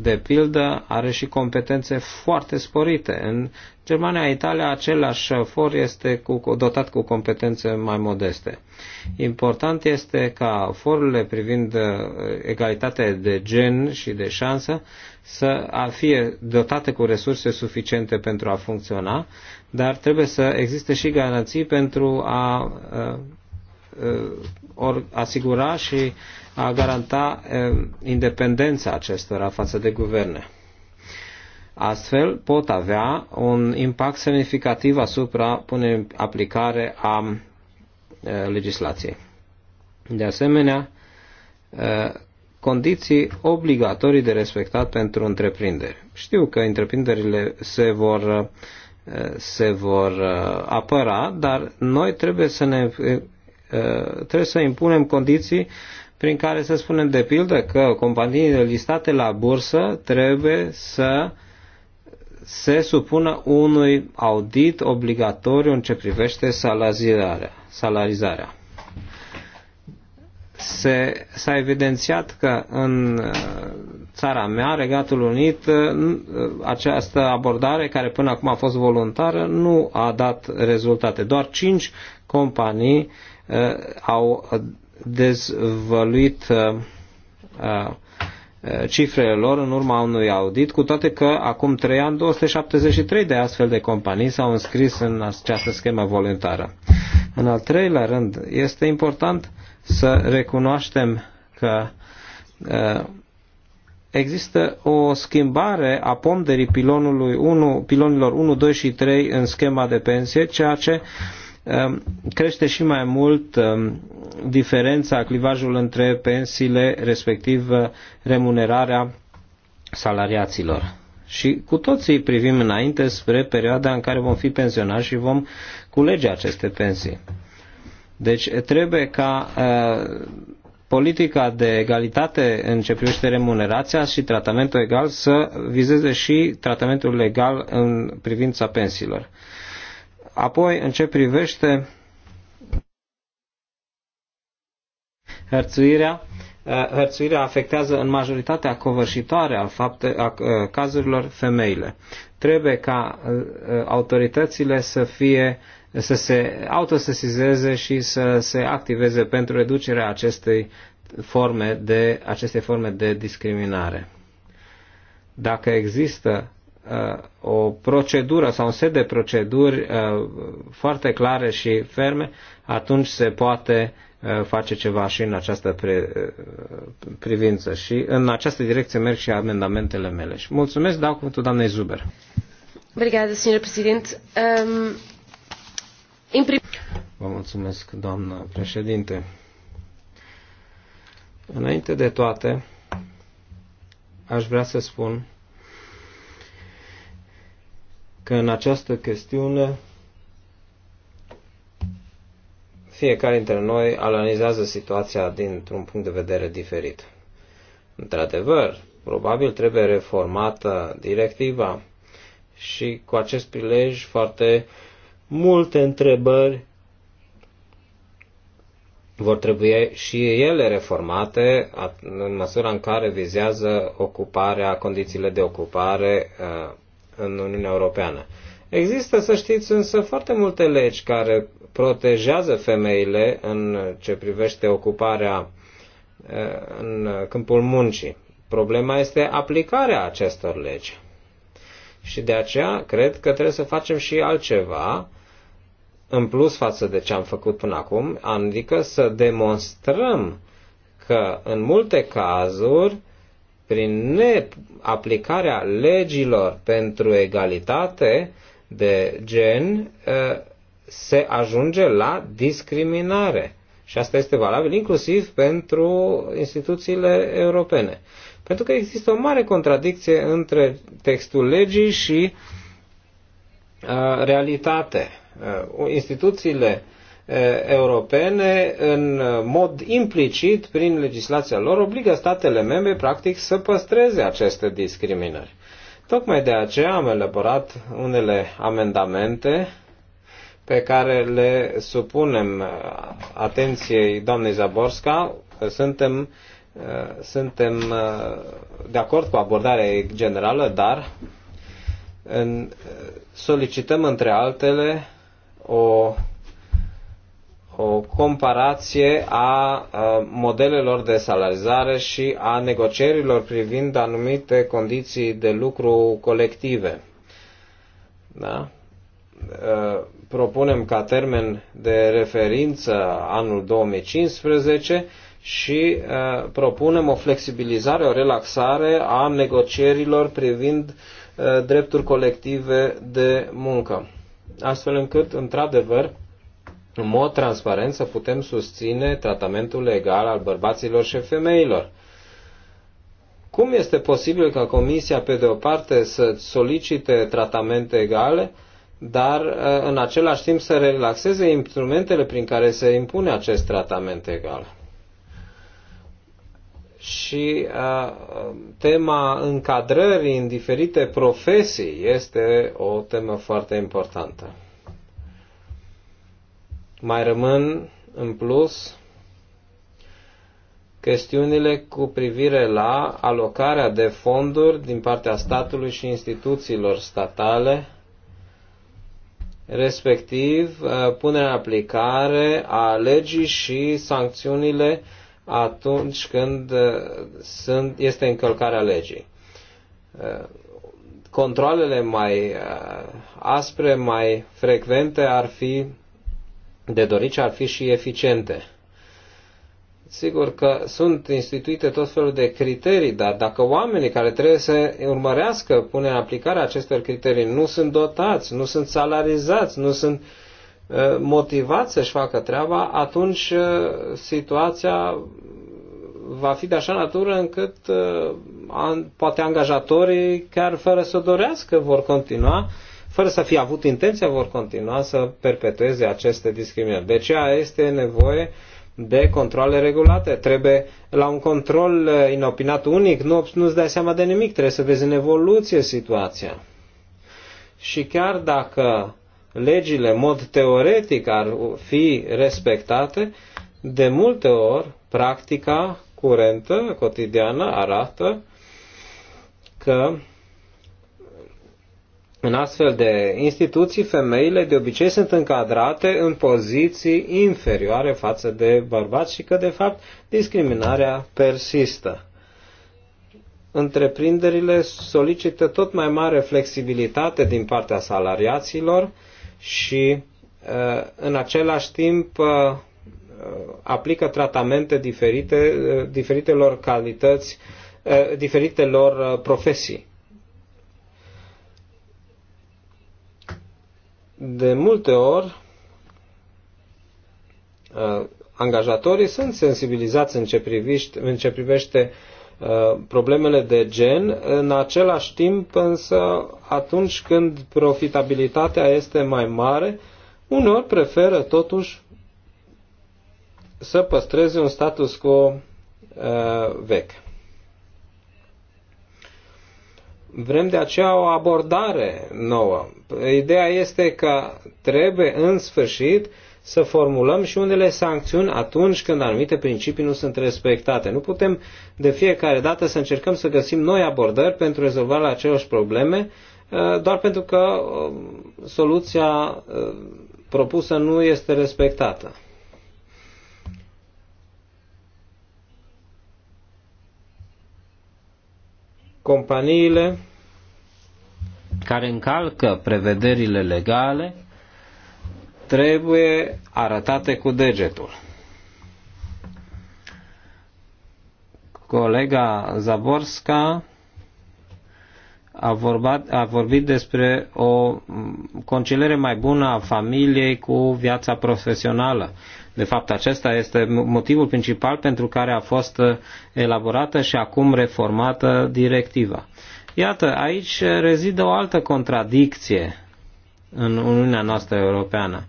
de pildă, are și competențe foarte sporite în Germania, Italia, același for este cu, dotat cu competențe mai modeste. Important este ca forurile privind uh, egalitatea de gen și de șansă să fie dotate cu resurse suficiente pentru a funcționa, dar trebuie să existe și garanții pentru a, a, uh, a uh, asigura și a garanta a, independența acestora față de guverne. Astfel pot avea un impact semnificativ asupra punerii în aplicare a legislației. De asemenea, condiții obligatorii de respectat pentru întreprinderi. Știu că întreprinderile se vor, se vor apăra, dar noi trebuie să ne trebuie să impunem condiții prin care să spunem de pildă că companiile listate la bursă trebuie să uh, se supună unui audit obligatoriu în ce privește salarizarea. salarizarea. Se, s-a evidențiat că în uh, țara mea, Regatul Unit, uh, uh, această abordare, care până acum a fost voluntară, nu a dat rezultate. Doar cinci companii uh, au dezvăluit uh, Uh, cifrele lor în urma unui audit, cu toate că acum trei ani 273 de astfel de companii s-au înscris în această schemă voluntară. În al treilea rând, este important să recunoaștem că uh, există o schimbare a ponderii pilonului 1, pilonilor 1, 2 și 3 în schema de pensie, ceea ce uh, Ehm, crește și mai mult ehm, diferența, clivajul între pensiile, respectiv eh, remunerarea salariaților. Și cu toții privim înainte spre perioada în care vom fi pensionari și vom culege aceste pensii. Deci trebuie ca eh, politica de egalitate în ce privește remunerația și tratamentul egal să vizeze și tratamentul legal în privința pensiilor. Apoi, în ce privește hărțuirea, eh, hărțuirea afectează în majoritatea covârșitoare a, fapte, a eh, cazurilor femeile. Trebuie ca eh, autoritățile să fie să se autosesizeze și să se activeze pentru reducerea acestei forme de, acestei forme de discriminare. Dacă există o procedură sau un set de proceduri uh, foarte clare și ferme, atunci se poate uh, face ceva și în această uh, privință. Și în această direcție merg și amendamentele mele. Și mulțumesc, dau cuvântul doamnei Zuber. Obrigada, senhor Presidente. Um, em prim... Vă mulțumesc, doamnă președinte. Înainte de toate, aș vrea să spun că în această chestiune fiecare dintre noi analizează situația dintr-un punct de vedere diferit. Într-adevăr, probabil trebuie reformată directiva și cu acest prilej foarte multe întrebări vor trebui și ele reformate în măsura în care vizează ocuparea, condițiile de ocupare, uh, în Uniunea Europeană. Există, să știți, însă foarte multe legi care protejează femeile în ce privește ocuparea eh, în câmpul muncii. Problema este aplicarea acestor legi. Și de aceea cred că trebuie să facem și altceva în plus față de ce am făcut până acum, adică să demonstrăm că în multe cazuri prin neaplicarea legilor pentru egalitate de gen eh, se ajunge la discriminare. Și asta este valabil inclusiv pentru instituțiile europene. Pentru că există o mare contradicție între textul legii și uh, realitate. Uh, instituțiile uh, Eh, europene, în mod implicit, prin legislația lor, obligă statele membre, practic, să păstreze aceste discriminări. Tocmai de aceea am elaborat unele amendamente pe care le supunem atenției doamnei Zaborska. Suntem, eh, suntem eh, de acord cu abordarea generală, dar în, solicităm între altele o o comparație a modelelor de salarizare și a negocierilor privind anumite condiții de lucru colective. Da? Propunem ca termen de referință anul 2015 și propunem o flexibilizare, o relaxare a negocierilor privind drepturi colective de muncă. Astfel încât, într-adevăr, în mod transparent să putem susține tratamentul legal al bărbaților și femeilor. Cum este posibil ca Comisia, pe de o parte, să solicite tratamente egale, dar uh, în același timp să relaxeze instrumentele prin care se impune acest tratament egal? Și a, uh, tema încadrării în diferite profesii este o temă foarte importantă. Mai rămân în plus chestiunile cu privire la alocarea de fonduri din partea statului și instituțiilor statale, respectiv uh, punerea în aplicare a legii și sancțiunile atunci când uh, sunt, este încălcarea legii. Uh, controlele mai aspre, mai frecvente ar fi de dorit și ar fi și eficiente. Sigur că sunt instituite tot felul de criterii, dar dacă oamenii care trebuie să urmărească punerea în aplicare acestor criterii nu sunt dotați, nu sunt salarizați, nu sunt uh, motivați să-și facă treaba, atunci uh, situația va fi de așa natură încât uh, poate angajatorii, chiar fără să dorească, vor continua fără să fie avut intenția, vor continua să perpetueze aceste discriminări. De deci aceea este nevoie de controle regulate. Trebuie la un control eh, inopinat unic, nu, nu-ți dai seama de nimic, trebuie să vezi în evoluție situația. Și chiar dacă legile, în mod teoretic, ar fi respectate, de multe ori, practica curentă, cotidiană, arată că în astfel de instituții, femeile de obicei sunt încadrate în poziții inferioare față de bărbați și că, de fapt, discriminarea persistă. Întreprinderile solicită tot mai mare flexibilitate din partea salariaților și, uh, în același timp, uh, aplică tratamente diferite uh, diferitelor calități, diferitelor profesii De multe ori, uh, angajatorii sunt sensibilizați în ce, priviște, în ce privește uh, problemele de gen, în același timp însă atunci când profitabilitatea este mai mare, uneori preferă totuși să păstreze un status quo uh, vechi. Vrem de aceea o abordare nouă. Ideea este că trebuie în sfârșit să formulăm și unele sancțiuni atunci când anumite principii nu sunt respectate. Nu putem de fiecare dată să încercăm să găsim noi abordări pentru rezolvarea aceleași probleme, eh, doar pentru că eh, soluția eh, propusă nu este respectată. companiile care încalcă prevederile legale trebuie arătate cu degetul. Colega Zaborska a, vorbat, a vorbit despre o conciliere mai bună a familiei cu viața profesională. De fapt, acesta este motivul principal pentru care a fost uh, elaborată și acum reformată directiva. Iată, aici rezidă o altă contradicție în Uniunea noastră europeană.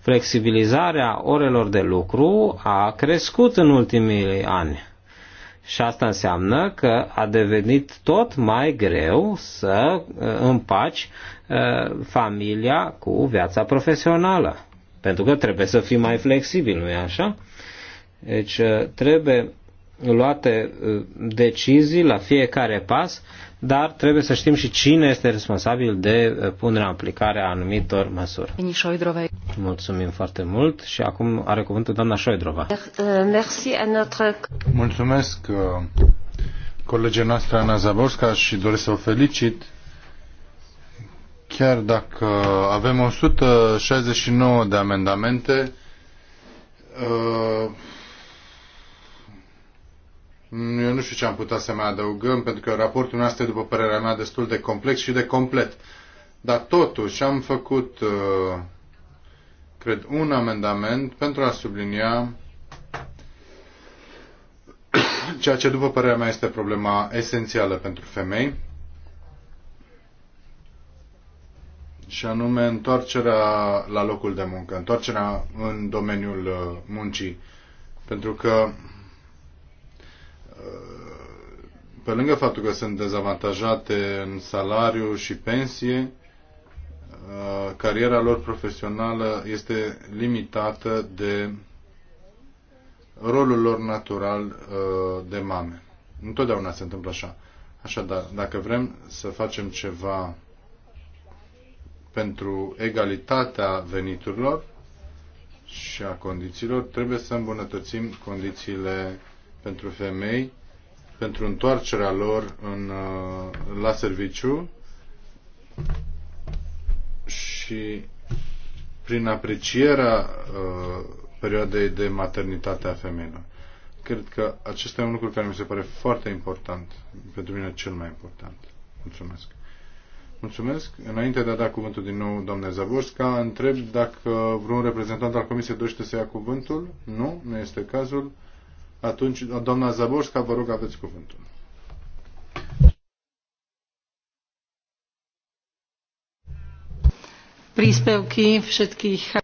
Flexibilizarea orelor de lucru a crescut în ultimii ani. Și asta înseamnă că a devenit tot mai greu să uh, împaci uh, familia cu viața profesională. Pentru că trebuie să fii mai flexibil, nu-i așa? Deci uh, trebuie luate uh, decizii la fiecare pas, dar trebuie să știm și cine este responsabil de uh, punerea în aplicare a anumitor măsuri. Mulțumim foarte mult și acum are cuvântul doamna Șoidrova. Mulțumesc colegii noastre Ana Zaborska și doresc să o felicit Chiar dacă avem 169 de amendamente, uh, eu nu știu ce am putea să mai adăugăm, pentru că raportul nostru este, după părerea mea, destul de complex și de complet. Dar totuși am făcut, uh, cred, un amendament pentru a sublinia ceea ce, după părerea mea, este problema esențială pentru femei, și anume întoarcerea la locul de muncă, întoarcerea în domeniul uh, muncii. Pentru că uh, pe lângă faptul că sunt dezavantajate în salariu și pensie, uh, cariera lor profesională este limitată de rolul lor natural de mame. Întotdeauna se întâmplă așa. Așadar, dacă vrem să facem ceva pentru egalitatea veniturilor și a condițiilor, trebuie să îmbunătățim condițiile pentru femei, pentru întoarcerea lor în, uh, la serviciu și prin aprecierea uh, perioadei de maternitate a femeilor. Cred că acesta e un lucru care mi se pare foarte important, pentru mine cel mai important. Mulțumesc. Mulțumesc. Înainte de a da cuvântul din nou, doamne Zaborska, întreb dacă vreun reprezentant al Comisiei dorește să ia cuvântul. Nu, nu este cazul. Atunci, doamna Zaborska, vă rog, aveți cuvântul.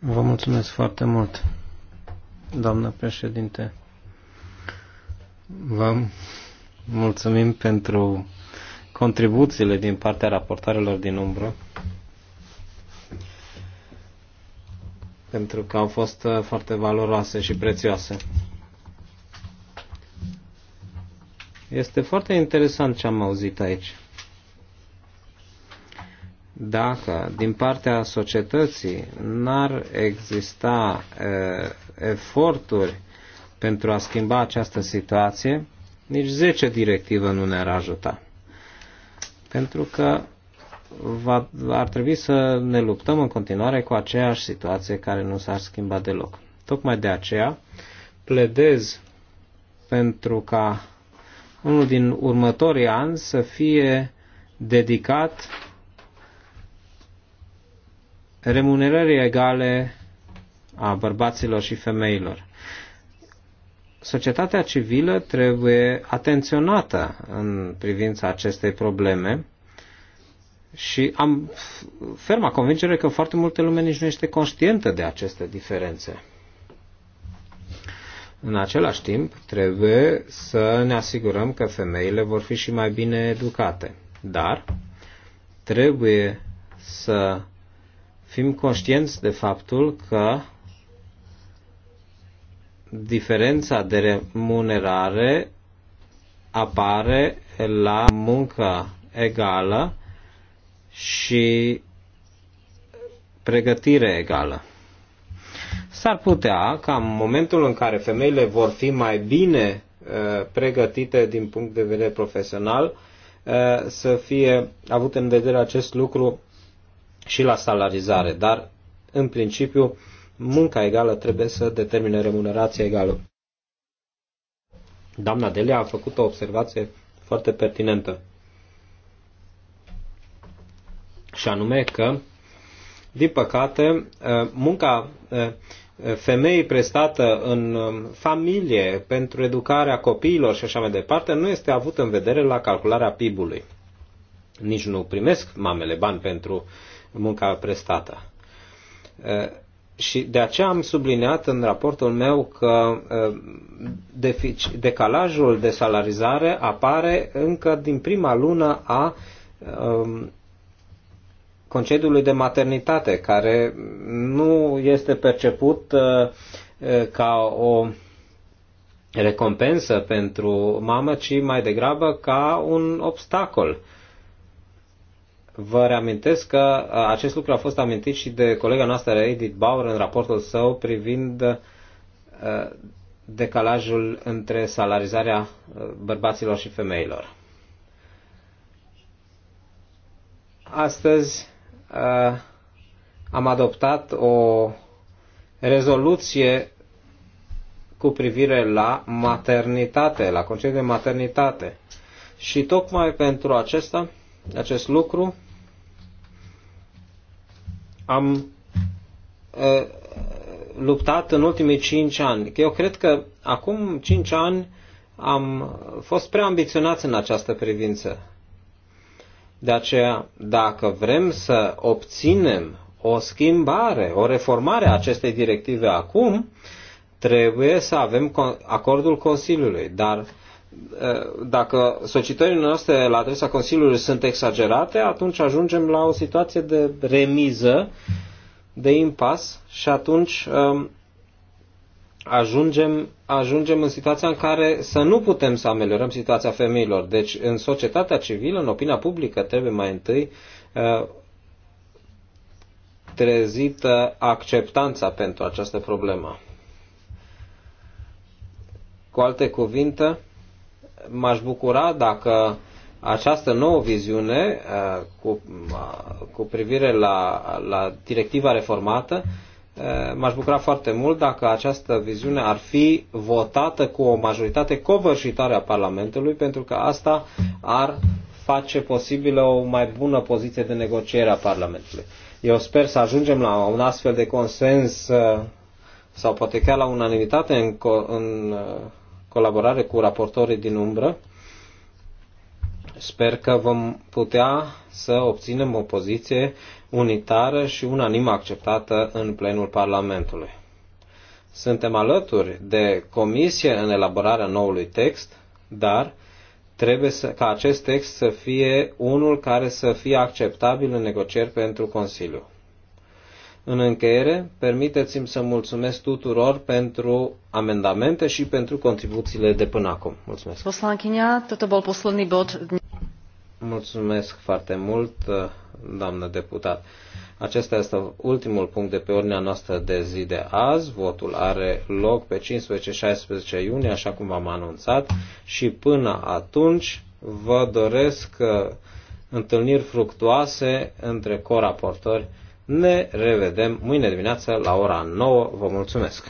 Vă mulțumesc foarte mult, doamnă președinte. Vă mulțumim pentru contribuțiile din partea raportarilor din umbră, pentru că au fost uh, foarte valoroase și prețioase. Este foarte interesant ce am auzit aici. Dacă din partea societății n-ar exista e, uh, eforturi pentru a schimba această situație, nici 10 directivă nu ne-ar ajuta pentru că va, ar trebui să ne luptăm în continuare cu aceeași situație care nu s-ar schimba deloc. Tocmai de aceea pledez pentru ca unul din următorii ani să fie dedicat remunerării egale a bărbaților și femeilor societatea civilă trebuie atenționată în privința acestei probleme și am ferma convingere că foarte multe lume nici nu este conștientă de aceste diferențe. În același timp, trebuie să ne asigurăm că femeile vor fi și mai bine educate. Dar trebuie să fim conștienți de faptul că diferența de remunerare apare la muncă egală și pregătire egală. S-ar putea ca în momentul în care femeile vor fi mai bine uh, pregătite din punct de vedere profesional, uh, să fie avut în vedere acest lucru și la salarizare, dar în principiu munca egală trebuie să determine remunerația egală. Doamna Delia a făcut o observație foarte pertinentă. Și anume că, din păcate, munca femeii prestată în familie pentru educarea copiilor și așa mai departe nu este avută în vedere la calcularea PIB-ului. Nici nu primesc mamele bani pentru munca prestată. Și de aceea am subliniat în raportul meu că decalajul de salarizare apare încă din prima lună a concediului de maternitate, care nu este perceput ca o recompensă pentru mamă, ci mai degrabă ca un obstacol Vă reamintesc că acest lucru a fost amintit și de colega noastră Edith Bauer în raportul său privind decalajul între salarizarea bărbaților și femeilor. Astăzi am adoptat o rezoluție cu privire la maternitate, la concediul de maternitate. Și tocmai pentru acesta, acest lucru, am uh, luptat în ultimii cinci ani. Eu cred că acum cinci ani am fost prea ambiționați în această privință. De aceea, dacă vrem să obținem o schimbare, o reformare a acestei directive acum, trebuie să avem acordul Consiliului. Dar dacă solicitările noastre la adresa Consiliului sunt exagerate, atunci ajungem la o situație de remiză, de impas și atunci um, ajungem, ajungem în situația în care să nu putem să ameliorăm situația femeilor. Deci în societatea civilă, în opinia publică, trebuie mai întâi uh, trezită acceptanța pentru această problemă. Cu alte cuvinte, m-aș bucura dacă această nouă viziune eh, cu, eh, cu privire la, la directiva reformată, eh, m-aș bucura foarte mult dacă această viziune ar fi votată cu o majoritate covârșitoare a Parlamentului, pentru că asta ar face posibilă o mai bună poziție de negociere a Parlamentului. Eu sper să ajungem la un astfel de consens sau poate chiar la unanimitate în, în colaborare cu raportorii din umbră. Sper că vom putea să obținem o poziție unitară și unanim acceptată în plenul Parlamentului. Suntem alături de comisie în elaborarea noului text, dar trebuie să, ca acest text să fie unul care să fie acceptabil în negocieri pentru Consiliu. În încheiere, permiteți-mi să mulțumesc tuturor pentru amendamente și pentru contribuțiile de până acum. Mulțumesc. Poslankinia, toto bol posledný bod. Mulțumesc foarte mult, doamnă deputat. Acesta este ultimul punct de pe ordinea noastră de zi de azi. Votul are loc pe 15-16 iunie, așa cum v-am anunțat, și până atunci vă doresc uh, întâlniri fructuoase între coraportori ne revedem mâine dimineață la ora 9. Vă mulțumesc!